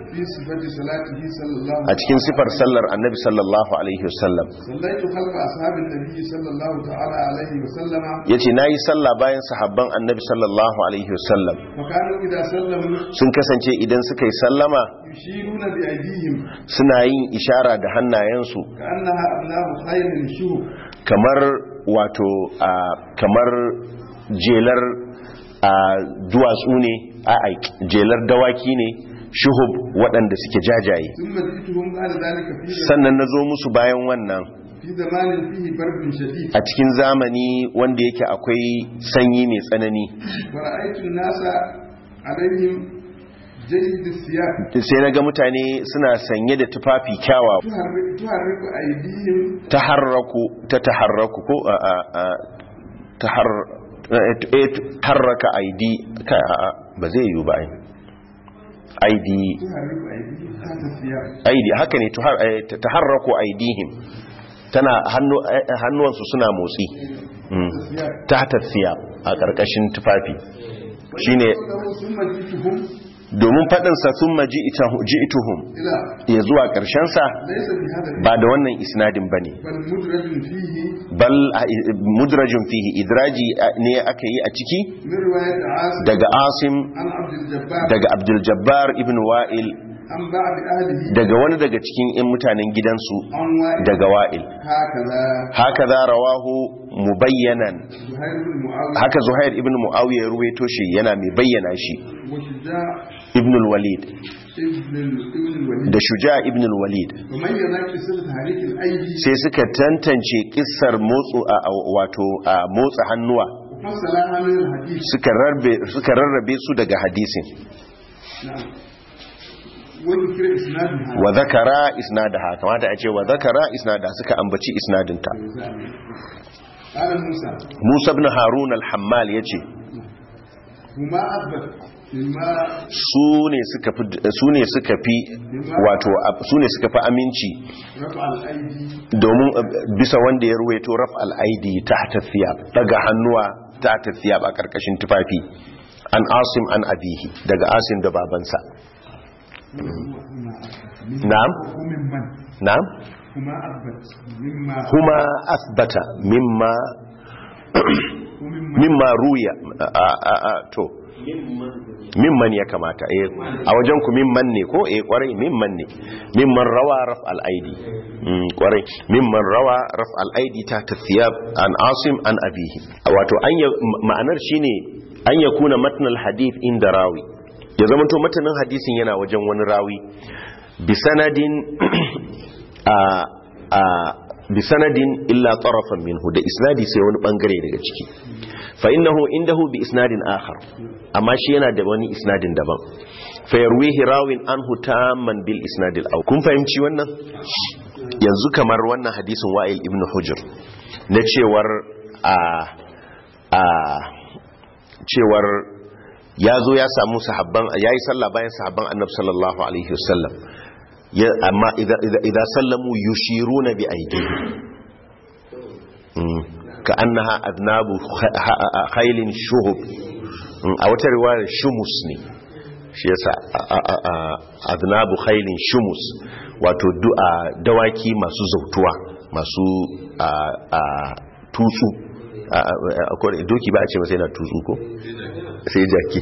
Speaker 2: a cikin sifar sallar
Speaker 1: annabi sallallahu alaihi wasallam ya ce na yi salla bayan sahabban annabi sallallahu alaihi wasallam sun kasance idan suka yi sallama suna yin ishara da hannayensu kamar wato kamar jelar duwatsu ne a jelar dawaki ne shuhub waɗanda suke jajaye sannan na zo musu bayan wannan a cikin zamani wanda yake akwai sanyi mai tsanani
Speaker 2: sai
Speaker 1: na ga mutane suna sanye da tufafi kyawa ta harraku ta harraku ko a ta harraka eh, eh, eh, I.D. ka a ba zai yiwu ba id I.D. haka ne ta harraku him tana hannuwansu suna motsi hmm. ta tafiya a ƙarƙashin tufafi shine domin faɗinsa sun maji ituhum ya zuwa ƙarshensa ba da wannan isnadin ba ne bal mudrajin fihi idraji ne aka yi a ciki daga asim daga abdul-jabbar ibn wa'il daga wani daga cikin 'yan mutanen gidansu daga wa'il haka za rawahu bayyana. haka zuhair ibn mu'awiyar ruwaito shi yana mai bayyana
Speaker 2: shi
Speaker 1: ibn al da Shujaa ibn al-walid sai suka tantance kissar motsu a wato a motsa hannuwa suka rarrabe su daga hadisin wa zakara isnadaha kamata a ce wa zakara isnada suka ambaci isnadinta Musa ibn Harun al-Hammal yace su ne suka fi wato su ne suka fi aminci domin eh, bisa wanda ya ruwaito raf al'aidi ta tafiya daga hannuwa ta tafiya a karkashin tufafi an asim an abihi daga asim da babansa na'am na'am kuma asbata mimma mimma ruya a to mimman ya kamata eh a wajen ku mimman ne ko eh kwarai mimman ne mimman rawa raf al aidi mm, kwarai mimman rawa raf al aidi ta tathiyab an asim an abihi wato an ma'anar shine an ya matan al hadith inda rawi ya zama to matanin hadisin yana wajen wani rawi bi sanadin a bi sanadin illa tarafan minhu da isnadi sai wani bangare daga ciki fa innahu indahu bi isnadin akhar amma shi yana da wani isnadin daban fa yarwihi rawin anhu tamman bil isnadil aw kun fahimci wannan yanzu kamar wannan hadisin wa'il ibn hujr na cewar a a cewar ya zo ya samu sahabban yayi sallah bayan sahabban annabi sallallahu alaihi wasallam amma idan sallamu yushiruna bi aidihim كأنها أذناب shuhub a wata تروار shumus ne shi yasa adnabu khailin shumus wato dawaki masu zautuwa masu tutsu doki ba a ce masu yana tutsu ko sai jaki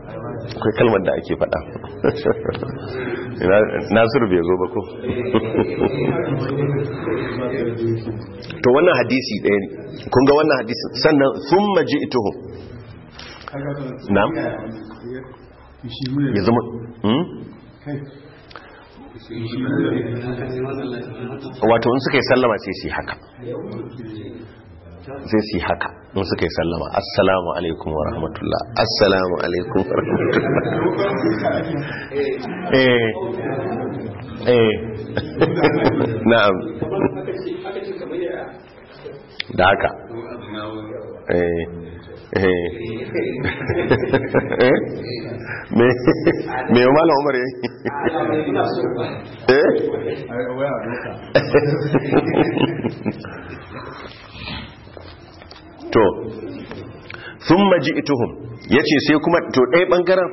Speaker 1: akwai kalmar da ake faɗa nasiru bai zo ba ko to wannan hadisi ɗaya ne kun ga wannan hadisi sannan sun maji ito
Speaker 3: na ya zama hmm? wato wani suka yi
Speaker 1: sallama sai su haka sai su yi haka in suka yi sallama assalamu alaikum wa rahmatullah assalamu alaikum wa
Speaker 3: rahmatullah
Speaker 1: eh eh na'am
Speaker 3: da haka eh eh, eh? me me umar eh
Speaker 1: to sun maji ituhun ya ce sai kuma to ɗaya ɓangaren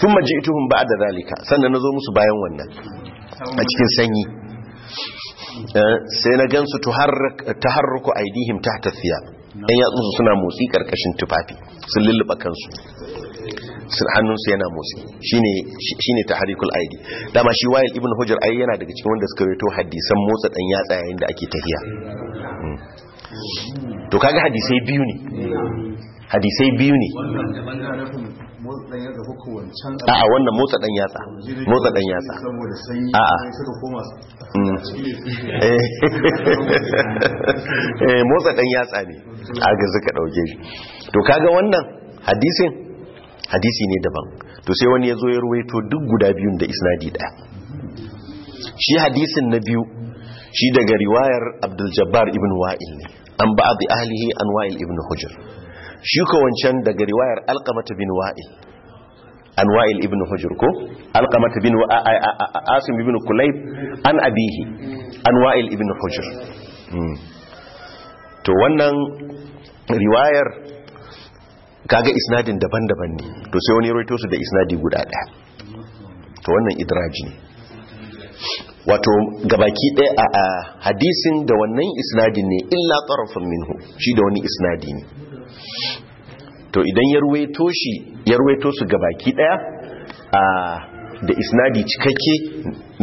Speaker 1: sun maji ituhun ba da zalika sannan na zo musu bayan wannan a cikin sanyi eh, sai na gansu ta harruku aidihim ta tafiya ɗan yatsunsu suna motsi ƙarƙashin tufafi sun lulluɓa kansu sun hannunsu yana motsi shi ne ta harikul aidi dama shi wayan ibn hujjar ai yana daga cikin wanda suka reto hadisan motsa ɗan yatsa yayin da ake tafiya hmm. to kaga hadisai biyu ne hadisai biyu ne
Speaker 3: a'a wannan motsa dan yatsa motsa dan yatsa a'a mm. eh motsa dan yatsa ne
Speaker 1: a ga suka dauke shi to kaga wannan hadisin hadisi ne daban to sai wani ya zo ya ruwaito duk guda biyun da isnadi daya shi hadisin na biyu shi daga riwayar abdul jabbar ibn wa'il ne an abu ahlihi an wa'il ibn hujjar shi ko wancan daga riwayar alkamata bin wa'il an wa'il ibn hujjar ko alkamata bin asim ibn kulayb an abihi an wa'il ibn hujjar hmm. to wannan riwayar kaga isnadin daban-daban ne to sai wani rawaito su da isnadi guda ɗaya to wannan idraji ne wato gabaki daya a hadisin da wannan isnadin ne illa tsarafin minhu shi da wani isnadi ne to idan ya ruwaito shi ya ruwaito su gabaki daya a da isnadi cikakke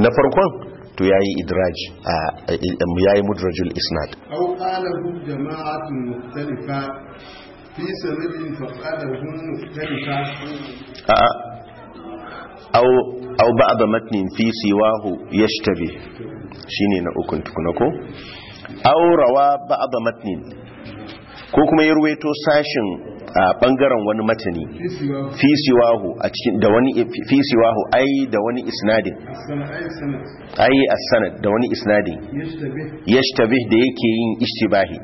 Speaker 1: na farkon to ya yi idraj ya yi mudrajul isnad a'a au au ba'da matnin fi siwahu yashtabi shine na ukun tukuna ko au rawa ba'da matnin ko kuma ya ruwaito sashin a bangaren wani matani fi siwahu a cikin da wani fi siwahu ai da wani isnadin ai as-sanad da wani isnadin yashtabih da yake yin ishtibahi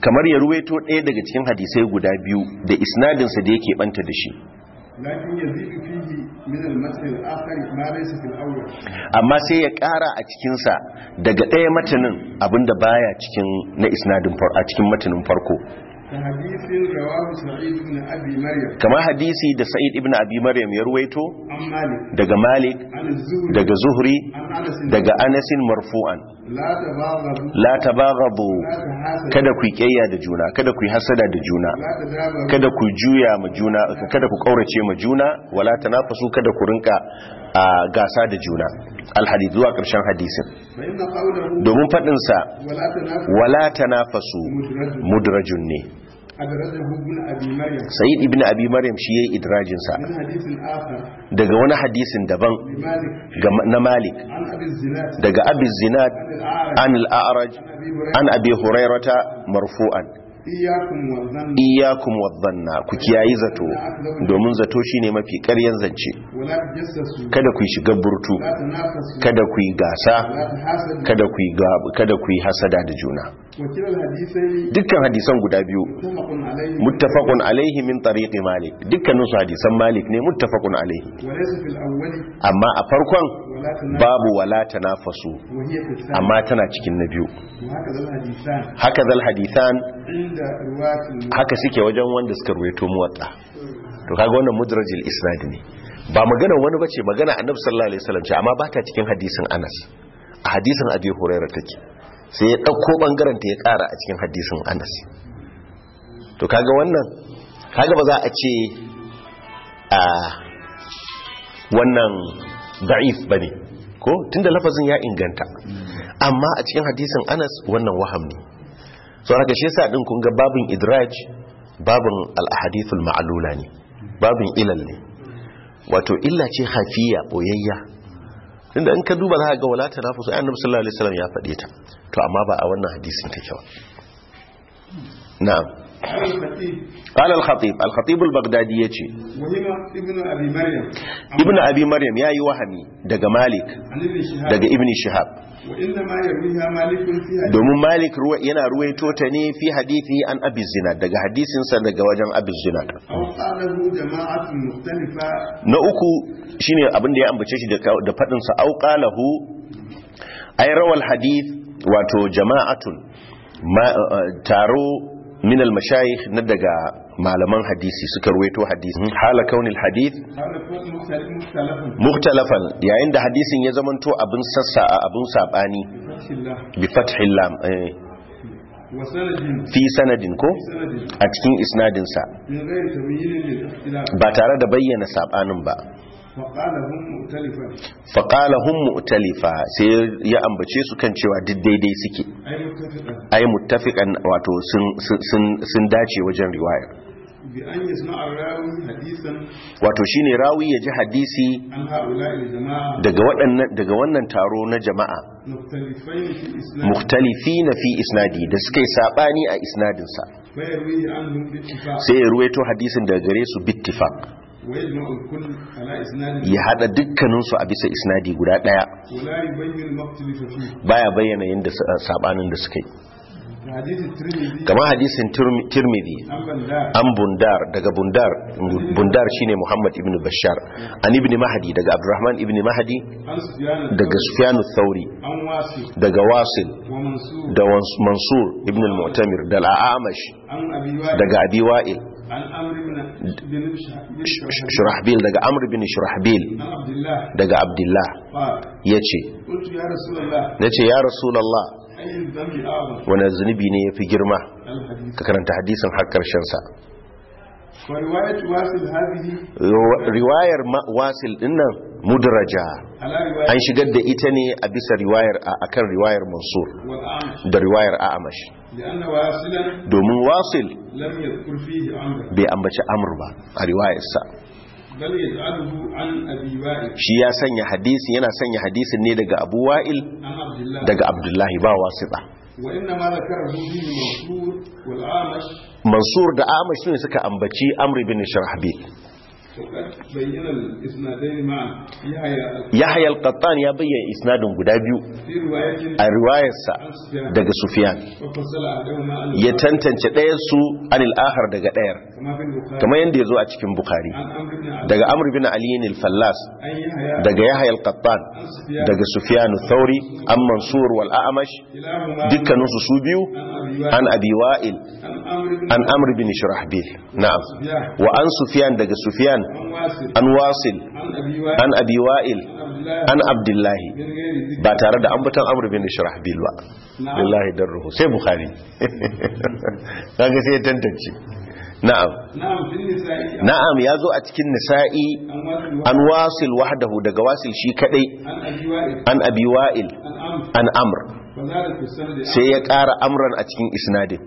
Speaker 1: kamar ya ruwaito ɗaya daga cikin hadisai guda biyu da isnadinsa da yake banta da shi amma sai ya ƙara a cikinsa daga ɗaya matanin abinda baya cikin na isnadin a cikin matanin farko kamar hadisi da sa'id ibn abi maryam ya ruwaito daga malik daga zuhri daga anasin marfu'an la tabaghadu kada ku kiyaya da juna kada ku hasada da juna kada ku juya ma juna kada ku kaurace ma juna wala tanafasu kada ku rinka a gasa da juna alhadith zuwa ƙarshen hadisin
Speaker 2: domin faɗinsa wala
Speaker 1: ta tanafasu mudrajun ne sa'id ibn abi maryam shi yayi idrajin sa daga wani hadisin daban na malik daga abi zinad an al-a'raj an abi hurairata marfu'an
Speaker 2: iyakum
Speaker 1: wadhanna ku kiyayi zato domin zato shine mafi ƙaryan zance
Speaker 2: kada ku yi shiga burtu kada ku yi gasa kada ku
Speaker 1: yi kada ku yi hasada da juna
Speaker 2: dukkan hadisan
Speaker 1: guda biyu muttafaqun alaihi min tariqi malik dukkan su hadisan malik ne muttafaqun alaihi
Speaker 2: amma a farkon babu
Speaker 1: wala tanafasu amma tana cikin na biyu
Speaker 2: haka zal hadithan haka suke wajen
Speaker 1: wanda suka ruwaito muwatta to kaga wannan mudrajil isnad ne ba magana wani bace magana annabi sallallahu alaihi wasallam ce amma ba ta cikin hadisin Anas a hadisin Abi Hurairah take sai ya dauko bangaren ta ya kara a cikin hadisin Anas to kaga wannan kaga ba za a ce a wannan da'if ne ko tunda lafazin ya inganta amma a cikin hadisin Anas wannan waham ne so haka shi yasa din kun ga babin idraj babin al-ahadithul ne babin ilal ne wato illa ce hafiya boyayya tunda in ka duba za ga wala tanafusu annabi sallallahu alaihi wasallam ya faɗe ta to amma ba a wannan hadisin ta kyau. na'am قال الخطيب الخطيب البغدادي يجي
Speaker 2: ابن أبي مريم ابن
Speaker 1: أبي مريم يا يوهمي دق مالك دق ابن شهاب domin malik yana ruwaito ta ne fi hadithi an abin zinad daga hadisinsa daga wajen abin zinad na uku shine abin da ya ambace shi da faɗinsa auƙalahu ai rawal hadith wato jama'atun taro min al na daga malaman hadisi suka ruwaito hadisi hmm. hala kaunil hadith
Speaker 2: mukhtalafan
Speaker 1: yayin da hadisin ya zamanto abin sassa a abin sabani bi fathil lam eh. fi sanadin ko a cikin isnadinsa ba tare da bayyana saɓanin ba faƙala hun mu'talifa sai ya ambace su kan cewa duk daidai suke ai muttafiqan wato sun dace wajen riwaya wato shine rawi ya ji hadisi daga wannan taro na jama'a muhtalifi na fi isnadi da suka yi saɓani a isnadinsa sai ya ruwaito hadisin daga gare su bittifak ya hada dukkaninsu a bisa isnadi guda daya baya bayyana yadda sabanin da suka yi
Speaker 2: kama hadisin
Speaker 1: tirmidhi an bundar daga bundar bundar shine muhammad ibn bashar an ibn mahadi daga abdurrahman ibn mahadi daga sufyan thauri daga wasil da mansur ibn al-mu'tamir da al-amash daga abi wa'il shurahbil daga Amur bin shurahbil daga abdullah ya ce na ce ya rasulallah wane zunubi ne ya fi girma ka karanta hadisin har sa. riwayar wasil dinnan mudraja an shigar da ita ne a bisa riwayar a kan riwayar mansur da riwayar amash
Speaker 2: domin wasil
Speaker 1: bai ambaci amur ba a riwayarsa shi ya sanya hadisi yana sanya hadisi ne daga abu wa'il daga abdullahi ba wasita
Speaker 2: ba.
Speaker 1: mansur da amashin ne suka ambaci amri bin shahbi
Speaker 2: Yahya
Speaker 1: al-Qattan ya bayyana isnadin guda biyu a riwayarsa daga Sufiyan.
Speaker 2: ya tantance
Speaker 1: ɗayar su anil ahar daga ɗayar kamar yadda ya zo a cikin Bukhari daga Amr bin Ali al-Fallas daga Yahya al-Qattan daga Sufiyan Thauri. thawri an Mansur wal A'mash dukkanin su su biyu an Abi Wa'il an Amr bin Shurahbil na'am wa an Sufiyan daga Sufiyan. عن عن واصل عن ابي وائل عن عبد الله با تاره باتارد أنبتان أمر بن شرحبيل لله دره سي بخاري kaga sai tantance na'am na'am yazo a cikin nisa'i an wasil wahdahu daga wasil shi kadai an abi wa'il an amr sai ya ƙara amran a cikin isnadin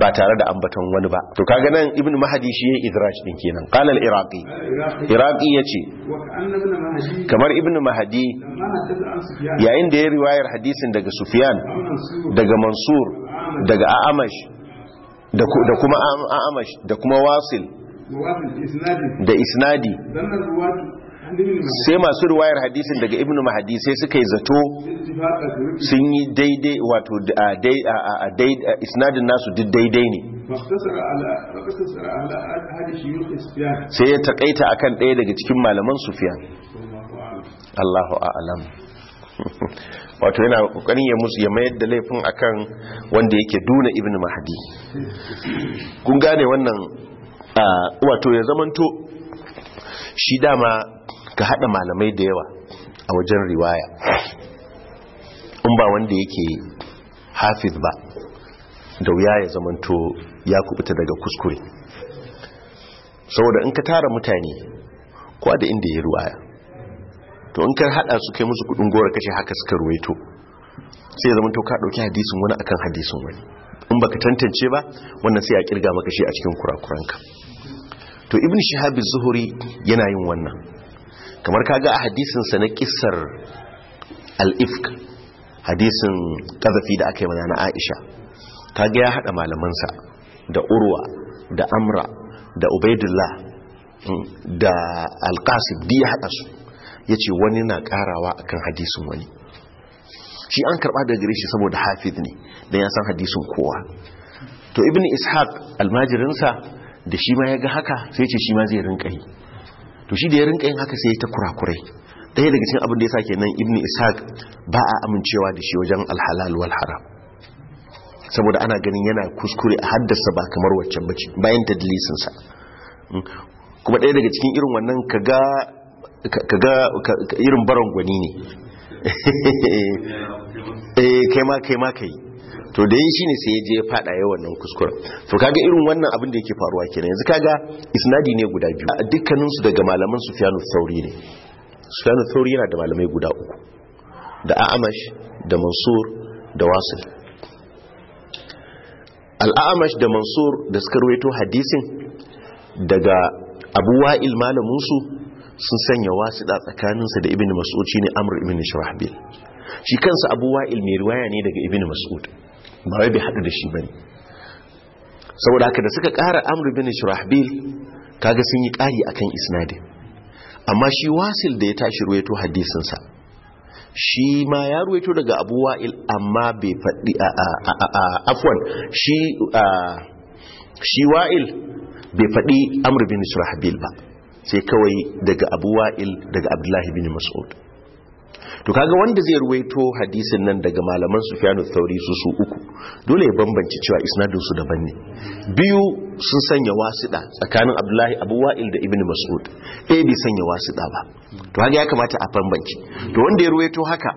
Speaker 1: ba tare da ambaton wani ba to kaga nan ibn mahadi shi ya idraj din kenan qala Iraki. iraqi iraqi yace kamar ibn mahadi yayin da ya riwayar hadisin daga sufyan daga mansur daga a'amash da kuma a'amash da kuma wasil da isnadi sai masu ruwayar hadisin daga ibn mahadi sai suka yi zato sun yi daidai wato isnadin nasu duk daidai ne sai ya takaita akan daya daga cikin malaman sufiyan allahu a'alam wato yana kokarin ya musu ya mayar da laifin akan wanda yake duna ibn mahadi kun gane wannan wato ya zamanto shi dama ka hada malamai da yawa a wajen riwaya in ba wanda yake hafiz ba da wuya ya zamanto ya kubuta daga kuskure saboda in ka tara mutane kuwa da inda ya ruwaya to in ka hada su kai musu kudin gora kashe haka suka ruwaito sai ya zamanto ka dauki hadisin wani akan hadisin wani in baka tantance ba wannan sai a kirga maka shi a cikin kurakuranka to ibn shihab zuhuri yana yin wannan kamar kaga a hadisin sa na kissar al-ifk hadisin kazafi da aka yi mana na Aisha kaga ya hada malaman sa da urwa da amra da ubaidullah hmm, da al-qasib bi ya hada su yace wani na karawa akan hadisin wani shi an karba daga gare shi saboda hafiz ne dan ya san hadisin kowa to ibn ishaq almajirinsa da shi ma ya ga haka sai ce shi ma zai rinka yi to shi da ya rinka yin haka sai ta kurakurai ɗaya daga cikin abin da ya sa kenan ibnu ishaq ba a amincewa da shi wajen alhalal wal haram saboda ana ganin yana kuskure a haddasa ba kamar waccan bace bayan tadlisin sa kuma ɗaya daga cikin irin wannan kaga kaga irin baron gwani ne eh kai ma kai ma kai to da yi shine sai ya je fada ya wannan kuskuren to kaga irin wannan abin da yake faruwa kenan yanzu kaga isnadi ne guda biyu dukkanin su daga malaman su al-Thauri ne Su thauri yana da malamai guda uku da A'amash da Mansur da Wasil al da Mansur da suka ruwaito hadisin daga Abu Wa'il malamin su sun sanya wasiɗa tsakaninsa da ibn mas'ud shine amr ibn shurahbil shi kansa abu wa'il mai riwaya ne daga ibn mas'ud ba wai bai haɗu da shi bane saboda haka da suka kara amru bin shurahbil kaga sun yi ƙari akan isnadin amma shi wasil da ya tashi ruwaito hadisinsa shi ma ya ruwaito daga abu wa'il amma bai faɗi a afwan shi shi wa'il bai faɗi amru bin shurahbil ba sai kawai daga abu wa'il daga abdullahi bin mas'ud to kaga wanda zai ruwaito hadisin nan daga malaman sufyanu thauri su su uku dole ya bambance cewa isnadin su daban ne biyu sun sanya wasiɗa tsakanin Abdullahi Abu Wa'il da Ibn Mas'ud eh bai sanya wasiɗa ba to haka ya kamata a bambance to wanda ya ruwaito haka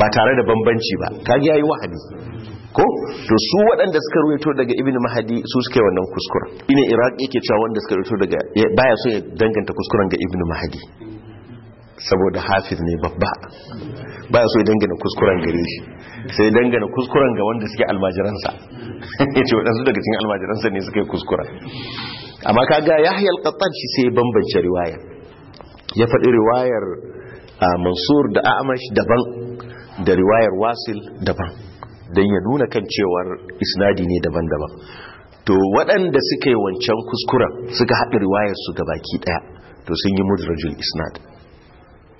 Speaker 1: ba tare da bambanci ba kaga yayi wahadi ko to su waɗanda suka ruwaito daga ibn Mahdi su suke wannan kuskuren ina iraq yake cewa wanda suka ruwaito daga baya so ya danganta kuskuren ga ibn Mahdi. saboda hafiz ne babba ba so ya dangana kuskuren gare shi sai dangana kuskuren ga wanda suke almajiransa ya ce waɗansu daga cikin almajiransa ne suka yi kuskura amma kaga yahya al shi sai bambance riwaya ya faɗi riwayar mansur da amash daban da riwayar wasil daban don ya nuna kan cewar isnadi ne daban-daban to waɗanda suka yi wancan kuskuren suka haɗa riwayar su ga baki ɗaya to sun yi mudrajul isnad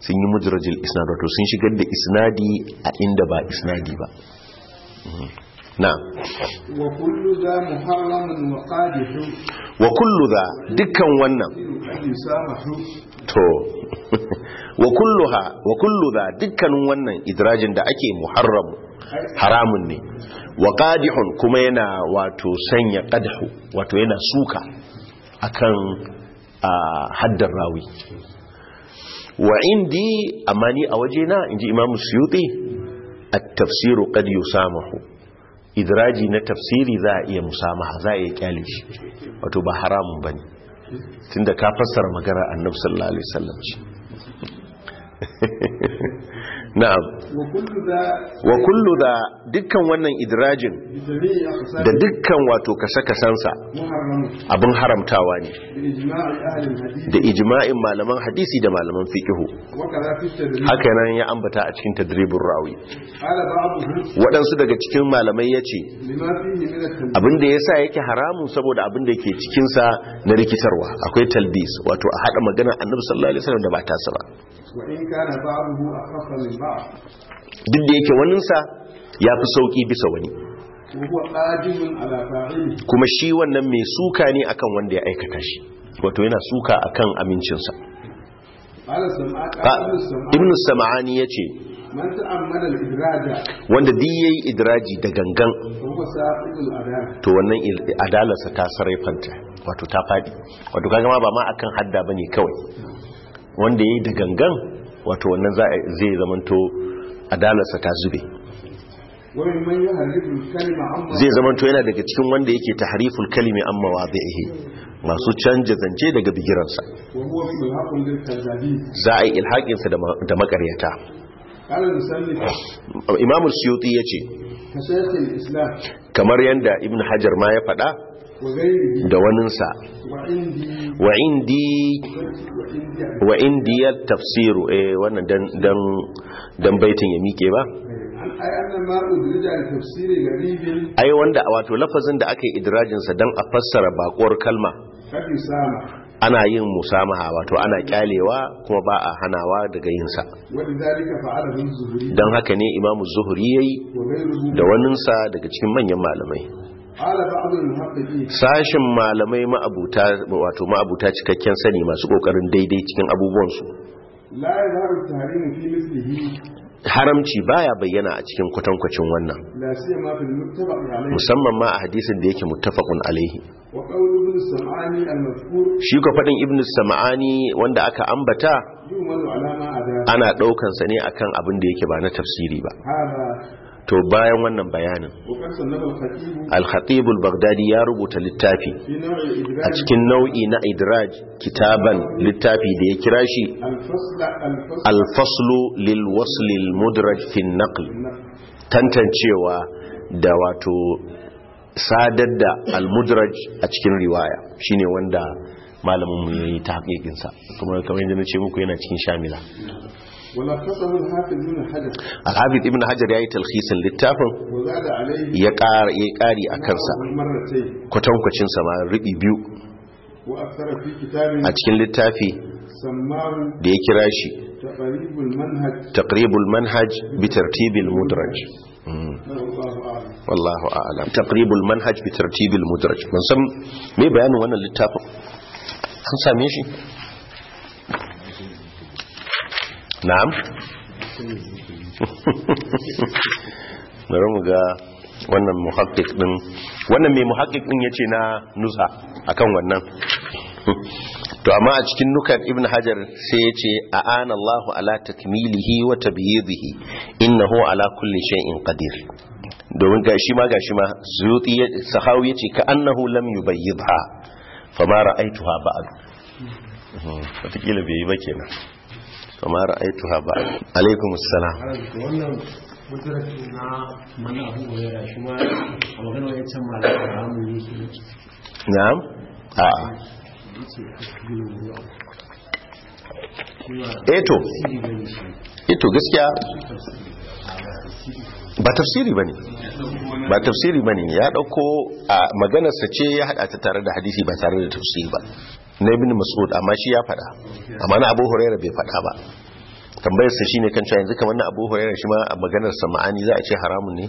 Speaker 1: sun yi mujirajil isna wato sun shigar da isnadi a inda ba isnadi ba mhm. na
Speaker 2: wa kullu za
Speaker 1: wa kullu za dukkan wannan to wa ha wa kullu za dukkanin wannan idrajin da ake muharram haramun ne wa qadihun kuma yana wato sanya qadhu wato yana suka akan ah, haddar rawi wa indi amma ni a na inji imamu suyuti a tafsiru qad yusamahu idraji na tafsiri za a iya musamaha za a iya kyale shi wato ba haramun ba tun tunda ka fassara magana annabi sallallahu alaihi shi. na'am wa kullu da dukkan wannan idrajin da dukkan wato kasa-kasansa abin haramtawa ne da ijma'in malaman hadisi da malaman fikihu haka nan ya ambata a cikin tadribin rawi waɗansu daga cikin malamai ya ce abin da ya sa yake haramun saboda abin da ke cikinsa na rikitarwa akwai talbis wato a haɗa magana annabi sallallahu alaihi wasallam da ba ta ba
Speaker 2: duk da yake waninsa
Speaker 1: ya fi sauƙi bisa wani kuma shi wannan mai suka ne akan wanda ya aikata shi wato yana suka akan amincinsa ibn sam'ani ya ce wanda duk yayi idraji da gangan to wannan adalarsa ta sarrafanta wato ta faɗi wato kaga ma ba ma akan hadda bane kawai wanda yayi da gangan wato wannan zai zamanto adalarsa ta zube zai zamanto yana daga cikin wanda yake tahriful kalimi an mawadhihi masu canja zance daga bigiransa za a yi ilhaƙinsa da makaryata imamu suyuti ya ce kamar yadda ibn hajar ma ya faɗa da waninsa wa indi wa tafsiru eh wannan dan baitin ya mike ba ai wanda wato lafazin da aka yi idrajinsa don a fassara bakuwar kalma ana yin musamaha wato ana kyalewa kuma ba a hanawa daga yinsa don haka ne imamu zuhuri ya yi da waninsa daga cikin manyan malamai
Speaker 2: Sashen
Speaker 1: malamai ma'abuta wato ma'abuta cikakken sani masu kokarin daidai cikin abubuwansu haramci baya bayyana a cikin kwatankwacin wannan musamman ma a hadisin da yake muttafaqun alaihi shi ko fadin ibn sam'ani wanda aka ambata ana daukan sa ne akan abin da yake ba na tafsiri ba to bayan wannan bayanin al-khatibul baghdadi ya rubuta littafi a cikin nau'i na idraj kitaban littafi da ya kira shi al-faslu lil waslil mudraj fi naql tantancewa da wato sadar da al-mudraj a cikin riwaya shine wanda malamin mu yayi tahqiqin sa kuma kamar yadda nace muku yana cikin shamila
Speaker 2: Alhabib
Speaker 1: Ibn Hajar ya yi talhisin littafin ya ƙari a kansa kwatankwacinsa ma riɓi biyu a cikin littafi da ya kira shi taqribul manhaj bi tartibil mudraj wallahu a'lam taqribul manhaj bi tartibil mudraj mun san me bayanin wannan littafin an same shi na'am bari mu ga wannan muhakkik din wannan mai muhakkik din yace na nusa akan wannan to amma a cikin nukar ibn hajar sai yace a'ana Allahu ala takmilihi wa tabyidihi innahu ala kulli shay'in qadir domin gashi ma gashi ma zuti sahawi yace ka annahu lam yubayyidha ma ra'aytuha ba'd wata kila bai yi ba kenan kama ra'aitu ha ba alaikum assalam
Speaker 3: wannan ne
Speaker 1: ya can a
Speaker 3: eto eh eto eh gaskiya
Speaker 1: ba tafsiri bane ba tafsiri bane ya dauko a maganarsa ce ya hada ta tare da hadisi ba tare da tafsiri ba na ibn mas'ud amma shi ya faɗa amma na abu huraira bai faɗa ba tambayar sa shine kan cewa yanzu kamar na abu huraira shi ma a maganar sa ma'ani za a ce haramun ne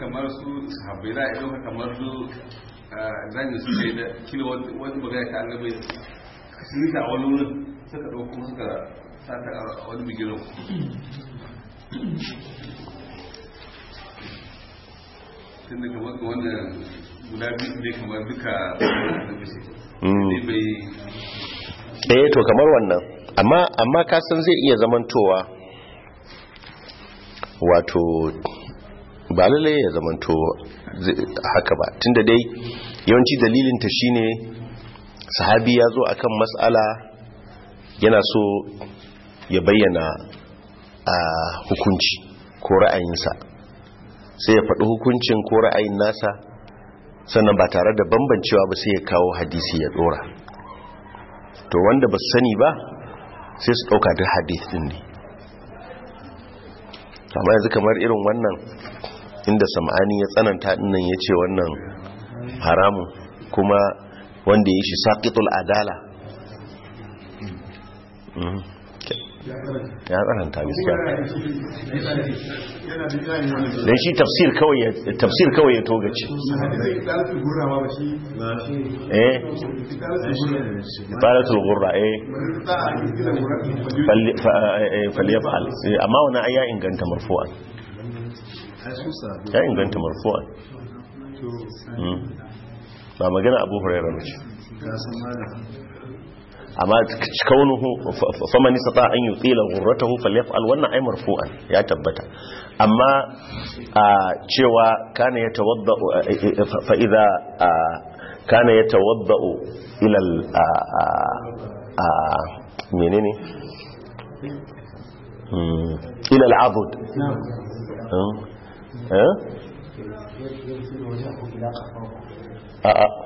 Speaker 2: kamar su sahabbai za a kamar su yi su ce da kila wani magana ta annabi sinita a wani wurin suka ɗauko suka sata a wani bigiran tun da kamar wannan guda biyu ne kamar duka da
Speaker 1: Mm. eh to kamar wannan amma amma ka san zai iya zamantowa wato ba lalle ya zamanto haka ba tunda dai yawanci dalilinta ta shine sahabi ya zo akan mas'ala yana so ya bayyana a hukunci ko ra'ayinsa sai ya faɗi hukuncin ko ra'ayin nasa sannan ba tare da bambancewa ba sai ya kawo hadisi ya dora to wanda ba sani ba sai su dauka duk hadisi din ne amma yanzu kamar irin wannan inda sam'ani ya tsananta dinnan ya ce wannan haramun, kuma wanda ya shi saƙitul adala hmm.
Speaker 3: ya
Speaker 1: tsananta gaskiya
Speaker 2: don shi
Speaker 1: tafsir kawai ya togace
Speaker 3: eh talatul gurra eh, eh, eh falyafal eh,
Speaker 1: amma wana ai ya inganta marfu'an ya inganta marfu'an hmm. ba magana abu hurairar ce amma fama faman istata an yutila ghurratahu falyaf'al wannan ay marfu'an ya tabbata amma cewa kana ya fa idza kana yatawadda ila al menene hmm, ilal abud. a'a hmm? eh?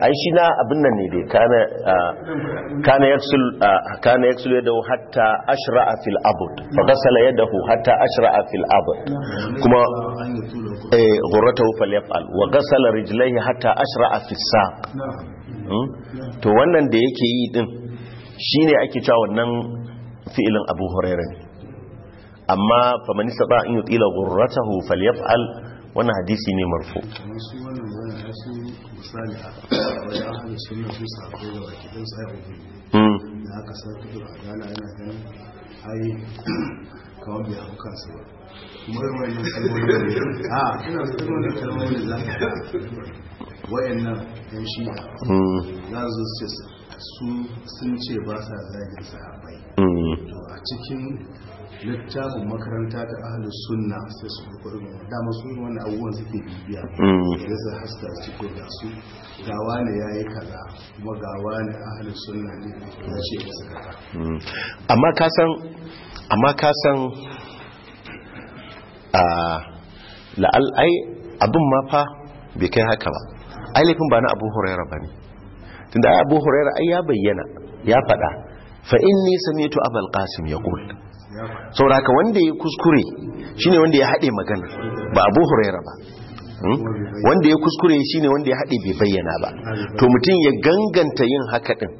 Speaker 1: ai shi na abin nan ne dai kana yaksul kana yaksul yadahu hatta ashra'a fil abud fa ghasala yadahu hatta a fil abud kuma eh ghurratahu falyaf'al wa ghasala rijlaihi hatta a fil saq hmm? to wannan da yake yi din shine ake cewa wannan fi'ilin Abu Hurairah amma faman saba in yutila ghurratahu falyaf'al wannan hadisi ne marfo hmm.
Speaker 3: ah, hmm.
Speaker 2: su sun ce ba sa zagin sahabai hmm. a cikin littafin makaranta da ahalus sunna sai su kwakwari irin dama su yi wani abubuwan suke bibiya mm. ya zai haska ciko da su gawa ne ya yi kaza kuma gawa ne ahalus sunna ne ya ce
Speaker 3: su kaza
Speaker 1: mm. amma ka san amma ka san a la'al'ai abin ma fa bai kai haka ba ai laifin ba na abu huraira ba ne tunda ai abu huraira ai ya bayyana ya faɗa fa inni sami'tu abul qasim yaqul sauraka wanda ya kuskure shine wanda ya haɗe magana ba abu huraira ba hmm? wanda ya kuskure shine wanda ya haɗe bai bayyana ba to mutum ya ganganta yin haka ɗin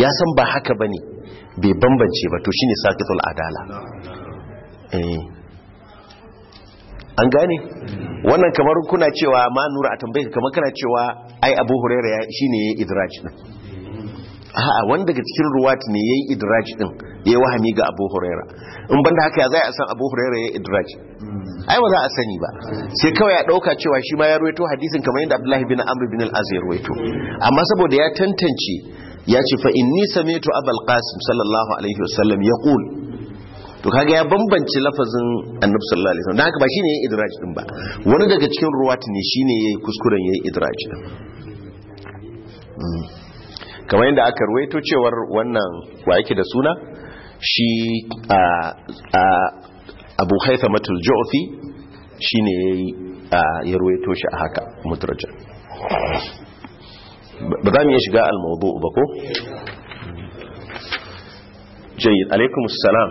Speaker 1: ya san ba haka ba ne bai bambance ba to shine sakitul adala eh. an gane wannan kamar kuna cewa ma nura a tambayi kamar kana cewa ai abu huraira shine ya idraci din a'a wanda daga cikin ruwat ne yayi idraj din ya wahami ga Abu Huraira in banda haka ya zai a san Abu Huraira yayi idraj ai ba za a sani ba sai kawai ya dauka cewa shi ma ya ruwaito hadisin kamar yadda Abdullahi bin Amr bin Al-Az ya ruwaito amma saboda ya tantance ya ce fa inni sami'tu Abul Qasim sallallahu alaihi wasallam yaqul to kaga ya bambanci lafazin annabi sallallahu alaihi wasallam dan haka ba shine yayi idraj din ba wani daga cikin ruwat ne shine yayi kuskuren yayi idraj din hmm. kamar yadda aka ruwaito cewar wannan wa yake da suna shi abu haifa matul jo'fi shi ne ya ruwaito shi a haka mutrajan ba za mu iya shiga almaudu ba ko? jayyid alaikumus salam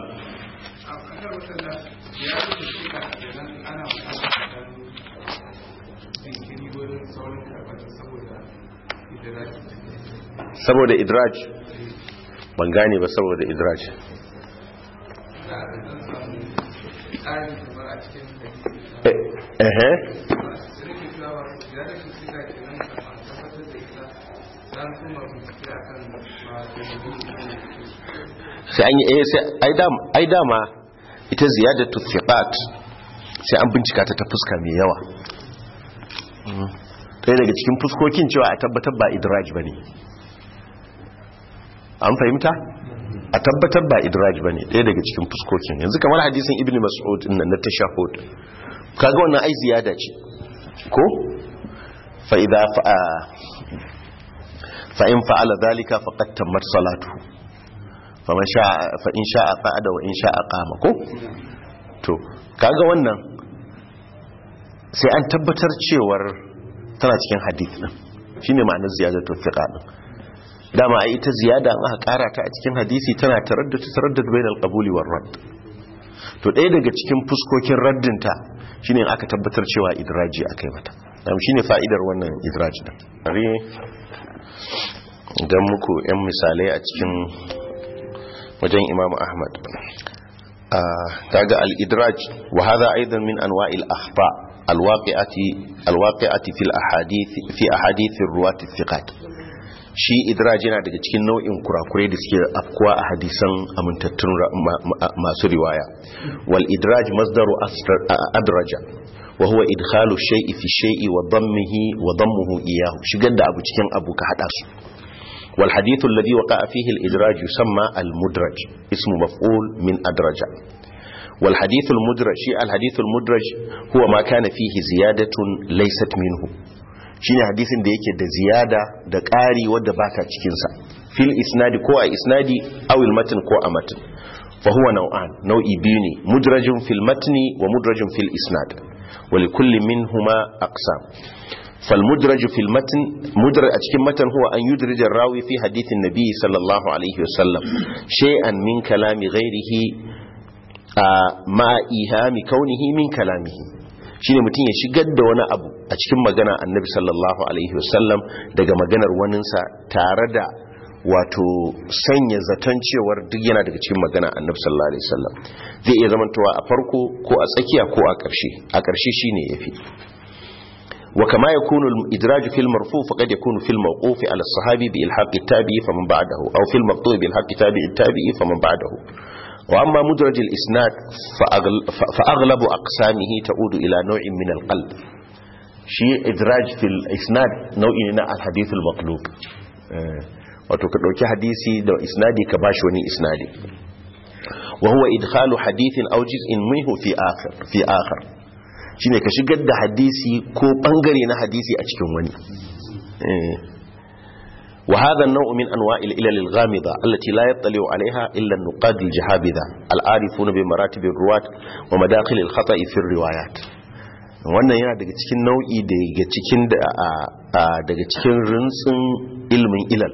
Speaker 1: Thank you. saboda idraj ban gane ba saboda idraj
Speaker 3: eh,
Speaker 2: eh, eh.
Speaker 1: sai an yi sai ai dama ita ziyadatu thiqat sai an bincika ta ta fuska mai yawa mm. ɗaya daga cikin fuskokin cewa a tabbatar ba idraj ba ne an fahimta a tabbatar ba idraj bane ɗaya daga cikin fuskokin yanzu kamar hadisin ibn mas'ud inna na tashahhud kaga wannan ai ziyada ce ko fa idza fa fa in fa'ala dhalika faqad tammat salatuhu faman sha fa in sha'a qa'ada wa in sha qama ko to kaga wannan sai an tabbatar cewar tana cikin hadith din shine ma'anar ziyadatu thiqa din dama ai ita ziyada an aka kara ta a cikin hadisi tana taraddud taraddud bainal qabuli war radd to ɗaya daga cikin fuskokin raddinta shine aka tabbatar cewa idraji akai mata dan shine fa'idar wannan idraji da are dan muku ɗan misalai a cikin wajen Imam Ahmad kaga al-idraj wa hadha aidan min anwa'il akhfa الواقعة الواقعة في الأحاديث في أحاديث الرواة الثقات shi idraj yana daga cikin nau'in kurakurai da suke afkuwa a hadisan amintattun masu riwaya wal idraj masdaru adraja wa huwa idkhalu shay'i fi shay'i wa dammihi wa dammuhu iyahu shigar da abu cikin abu ka hada su wal hadithu alladhi waqa'a fihi al idraj yusamma al mudraj ismu maf'ul min adraja wal hadithu al mudraj shi al hadithu al mudraj huwa ma kana fihi ziyadatun laysat minhu shine hadisin da yake da ziyada da ƙari wadda ba ta cikinsa fil isnadi ko a isnadi awil matin ko a matin fa huwa nau'an nau'i biyu ne mudrajin fil matni wa mudrajin fil isnad wa li kulli minhuma aqsam fal mudraj fil matn mudraj a cikin matan huwa an yudrij rawi fi hadithin nabi sallallahu alaihi sallam. shay'an min kalami ghairihi ma'a ihami kaunihi min kalamihi shine mutum ya shigar da wani abu a cikin magana annabi sallallahu alaihi wasallam daga maganar waninsa tare da wato sanya zaton cewar duk yana daga cikin magana annabi sallallahu alaihi wasallam zai iya zamantawa a farko ko a tsakiya ko a ƙarshe a ƙarshe shine yafi wa kama yakunu al-idraj fi al-marfu faqad yakunu fi al-mawquf ala as-sahabi bi ilhaq at-tabi'i faman ba'dahu aw fi al-maqtu bi ilhaq at-tabi'i at-tabi'i faman ba'dahu wa amma mudraj al-isnad fa aghlabu aqsamihi ta'udu ila naw'in min al-qalb shi idraj fil isnad nau'i ne na alhadithul maqlub wato ka dauki hadisi da isnadi ka bashi wani isnadi wa huwa idkhalu hadithin aw juz'in minhu fi akhar fi akhar shine ka shigar da hadisi ko bangare na hadisi a cikin wani وهذا النوع من أنواع الإلل الغامضة التي لا يطلع عليها إلا النقاد الجهابذة العارفون بمراتب الرواة ومداخل الخطأ في الروايات wannan yana daga cikin nau'i daga cikin daga cikin rintsin ilmin ilal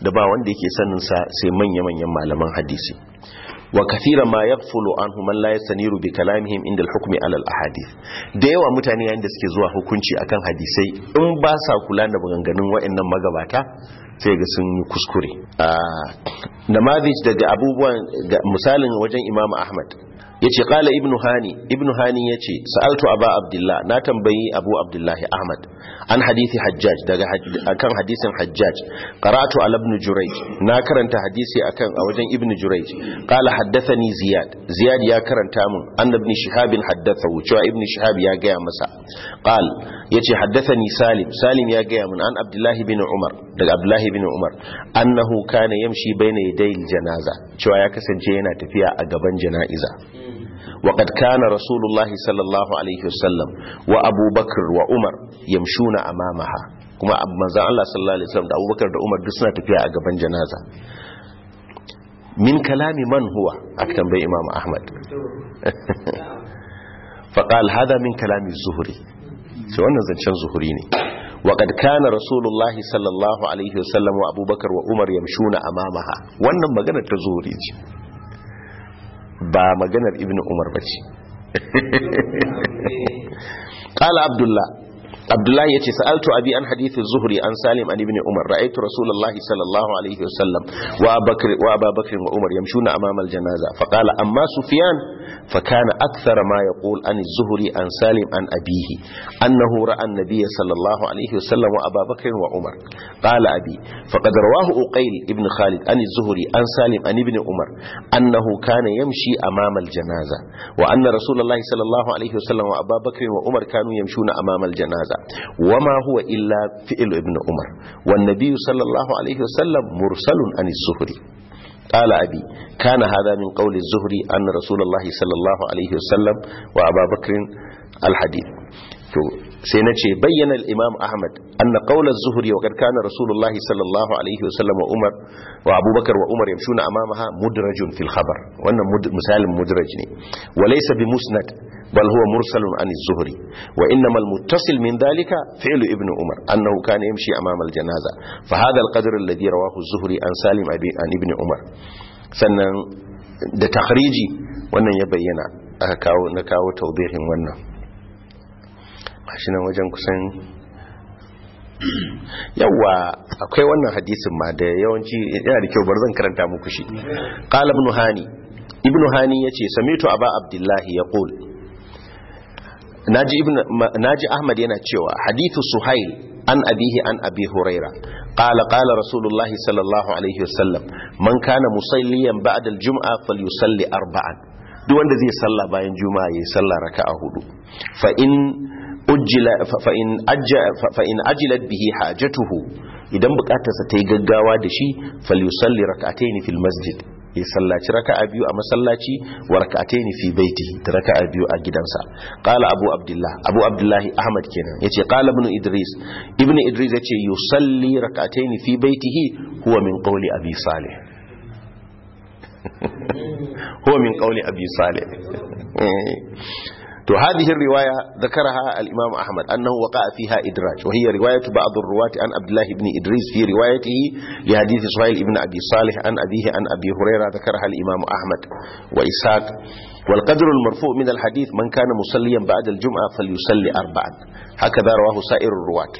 Speaker 1: da ba wanda yake sanin sa sai manya-manyan malaman hadisi wa kathira ma yaghfulu anhu man la yastaniru bi kalamihim inda al-hukmi ala al-ahadith da yawa mutane yayin da suke zuwa hukunci akan hadisai in ba sa kula da maganganun wa'annan magabata sai ga sun yi kuskure namazij daga abubuwan misalin wajen imamu Ahmad yace qala ibnu hani ibnu hani ya ce sa'altu aba Abdullahi. na tambayi abu abdullahi ahmad an hadisi hajjaj daga akan hadisin hajjaj qara'tu alabnu ibn na karanta hadisi akan a wajen ibnu jurayj qala ni ziyad ziyad ya karanta mun anna ibn shihab haddathahu cewa ibn shihab ya gaya masa qal yace ni salim salim ya gaya mun an abdullahi bin umar daga abdullahi bin umar annahu kana yamshi bayna yaday janaza cewa ya kasance yana tafiya a gaban jana'iza وقد كان رسول الله صلى الله عليه وسلم وأبو بكر وعمر يمشون أمامها كما manzan Allah sallallahu alaihi wasallam da Abu da Umar duk suna tafiya a gaban janaza min kalami man huwa aka tambayi Imam Ahmad fa hada min kalami zuhri sai wannan zancen zuhuri ne وقد كان رسول الله صلى الله عليه وسلم وابو بكر وعمر يمشون امامها wannan magana ta zuhuri ce ba maganar ibn umar ba ce ƙala abdullah abdullahi ya ce sa'altu abi an hadithin zuhri an salim an ibn umar ra'aytu rasulullahi sallallahu alaihi wasallam wa bakr wa abubakr wa umar yamshuna amama aljanaza fa qala amma sufyan fa kana akthara ma yaqul an az an salim an abihi annahu ra'a an-nabiy sallallahu alaihi wasallam wa abubakr wa umar Ƙala abi faqad rawahu uqayl ibn khalid an az-zuhri an salim an ibn umar An annahu kana yamshi amama janaza. wa an na rasulullahi sallallahu alaihi wasallam wa abubakr wa umar kanu yamshuna amama janaza. wama huwa illa fi'il ibn umar wan nabiy sallallahu alaihi wasallam mursalun anis zuhri قال أبي كان هذا من قول الزهري أن رسول الله صلى الله عليه وسلم وأبا بكر الحديث سينتشي بين الإمام أحمد أن قول الزهري وقد كان رسول الله صلى الله عليه وسلم وأمر وأبو بكر وأمر يمشون أمامها مدرج في الخبر وأن مسالم مدرجني وليس بمسند بل هو مرسل عن الزهري وإنما المتصل من ذلك فعل ابن عمر أنه كان يمشي أمام الجنازة فهذا القدر الذي رواه الزهري عن سالم عن ابن عمر sannan da takhriji wannan ya bayyana na kawo wannan wajen kusan yawa akwai wannan hadisin ma da yawanci yana da kyau bar zan karanta muku shi qala ibn hani ibn hani yace samitu aba abdullahi yaqul naji naji ahmad yana cewa hadithu suhail an abihi an abi huraira qala qala rasulullahi sallallahu alaihi wasallam man kana musalliyan ba'da aljum'a falyusalli arba'an duk wanda zai salla bayan juma'a yayi salla raka'a hudu fa in ujjila fa in ajja fa in ajilat bihi hajatuhu idan bukatarsa ta yi gaggawa da shi falyusalli raka'ataini fil masjid ya sallaci raka'a biyu a masallaci wa raka'ataini fi baiti da raka'a biyu a gidansa qala abu abdullah abu abdullah ahmad kenan yace qala ibn idris ibn idris yace yusalli raka'ataini fi baitihi huwa min qawli abi salih huwa min qawli abi salih تو هذه الرواية ذكرها الإمام أحمد أنه وقع فيها إدراج وهي رواية بعض الرواة عن عبد الله بن إدريس في روايته لحديث إسرائيل بن أبي صالح عن أبيه عن أبي هريرة ذكرها الإمام أحمد وإسحاق والقدر المرفوع من الحديث من كان مصليا بعد الجمعة فليصلي أربعا هكذا رواه سائر الرواة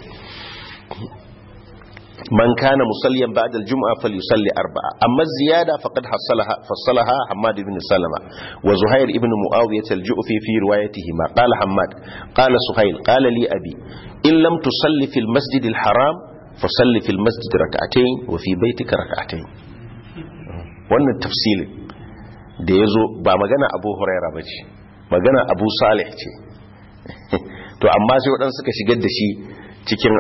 Speaker 1: man kana musalliyan ba'da al-jum'a falyusalli arba'a amma ziyada faqad hasalaha fasalaha Hammad ibn Salama wa Zuhair ibn Muawiyah al-Ju'fi fi riwayatihi qala Hammad qala Suhail qala li abi in lam tusalli fil masjid al-haram fasalli fil masjid wannan tafsilin da zo ba magana Abu Huraira bace magana Abu Salih ce to amma sai wadansu suka shigar da shi cikin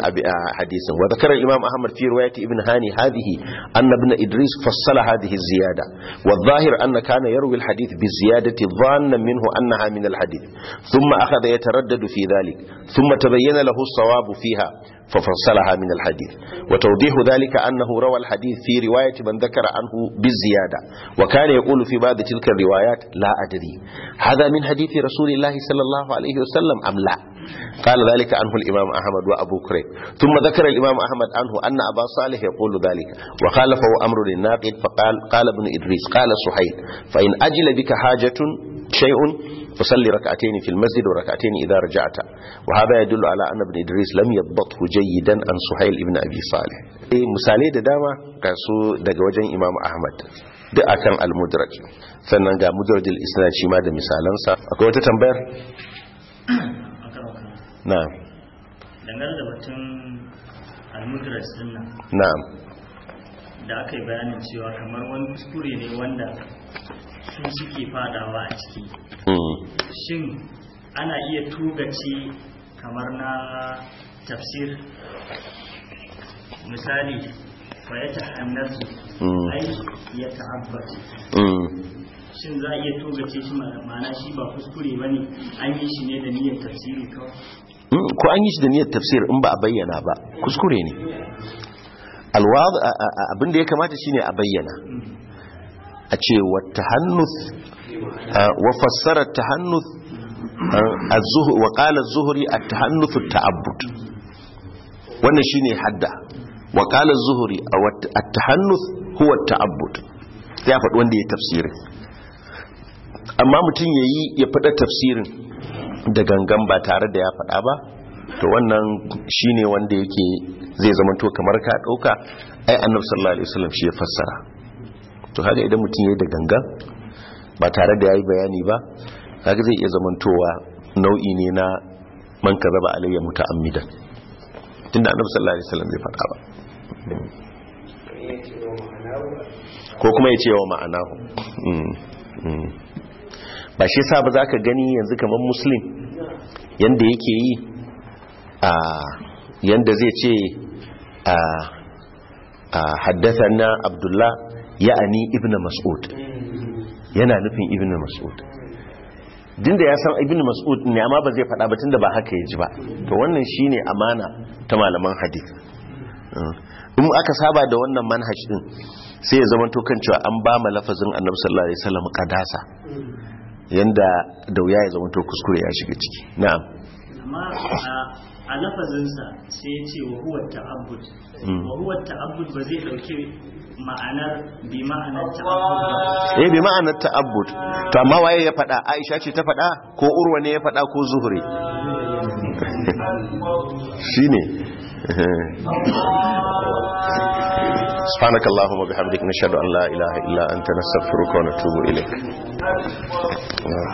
Speaker 1: hadisin wa zakara imam ahmad fi riwayati ibn hani hadhihi anna ibn idris fassala hadhihi ziyada wa zahir anna kana yarwi al hadith bi ziyadati dhanna minhu annaha min al hadith thumma akhadha yataraddadu fi dhalik thumma tabayyana lahu sawabu fiha ففصلها من الحديث وتوضيح ذلك أنه روى الحديث في رواية من ذكر عنه بالزيادة وكان يقول في بعض تلك الروايات لا أدري هذا من حديث رسول الله صلى الله عليه وسلم أم لا قال ذلك عنه الإمام أحمد وأبو كريب ثم ذكر الإمام أحمد عنه أن أبا صالح يقول ذلك وقال فهو أمر للناقد فقال قال ابن إدريس قال سحيل فإن أجل بك حاجة شيء فصلي ركعتين في المسجد وركعتين إذا رجعت وهذا يدل على أن ابن إدريس لم يضبطه جيدا عن سهيل ابن أبي صالح مسالة مسالي دداما كاسو دقوجين إمام أحمد duk akan al-mudraj sannan ga mudrajul isnad shi ma da misalansa akwai wata tambayar na'am
Speaker 2: dangane da batun al-mudraj din nan na'am da aka yi bayanin cewa kamar wani kuskure ne wanda su suke fadawa a ciki
Speaker 1: hmm.
Speaker 3: shin
Speaker 2: ana iya tugaci kamar na tafsir misali fa ya hmm. ai ya ta'abbatu hmm. shin za a iya tugace shi ma'ana shi ba kuskure ba ne an yi shi ne da niyyar tafsiri kawai
Speaker 1: ko an yi shi da niyyar tafsir in ba a bayyana ba kuskure ne abin da ya kamata shine a bayyana a ce wa fassara ta wa kala zuhuri a ta hannufin wannan shi ne hadda wa kala zuhuri a ta hannus huwa ta'abbud ya faɗi wanda ya tafsirin amma mutum ya yi ya faɗa tafsirin da gangan ba tare da ya faɗa ba to wannan shine wanda yake zai to kamar ka ɗauka ai annabi sallallahu alaihi wasallam shi ya fassara to haka idan mutum ya yi da gangan ba tare da ya yi bayani ba haka zai iya zamantowa nau'i ne na man ka raba alayya mutu amida tun da annabi sallallahu alaihi wasallam bai faɗa ba ko kuma ya ce wa hu mm, mm. ba shi sa ba za ka gani yanzu kamar muslim yanda yake yi a yanda zai ce a na abdullah ya'ani ibn mas'ud yana nufin ibn mas'ud dinda ya san ibn mas'ud ne amma ba zai faɗa ba tunda ba haka ya ji ba to wannan shine amana ta malaman hadith in aka saba da wannan manhaj din sai ya to kan cewa an ba ma lafazin annabi sallallahu alaihi wasallam qadasa yanda da wuya ya to kuskure ya shiga ciki na'am
Speaker 2: amma a lafazinsa sai ya ce wa huwa ta'abbud hmm. wa huwa ta'abbud ba zai dauke ma'anar bi ma'anar
Speaker 1: ta'abbud eh, amma waye ya fada aisha ce ta fada ko urwa ne ya fada ko Zuhri?
Speaker 3: shi ne
Speaker 1: subhanakallahu wa bihamdika nashhadu an la ilaha illa anta nastaghfiruka wa natubu ilaik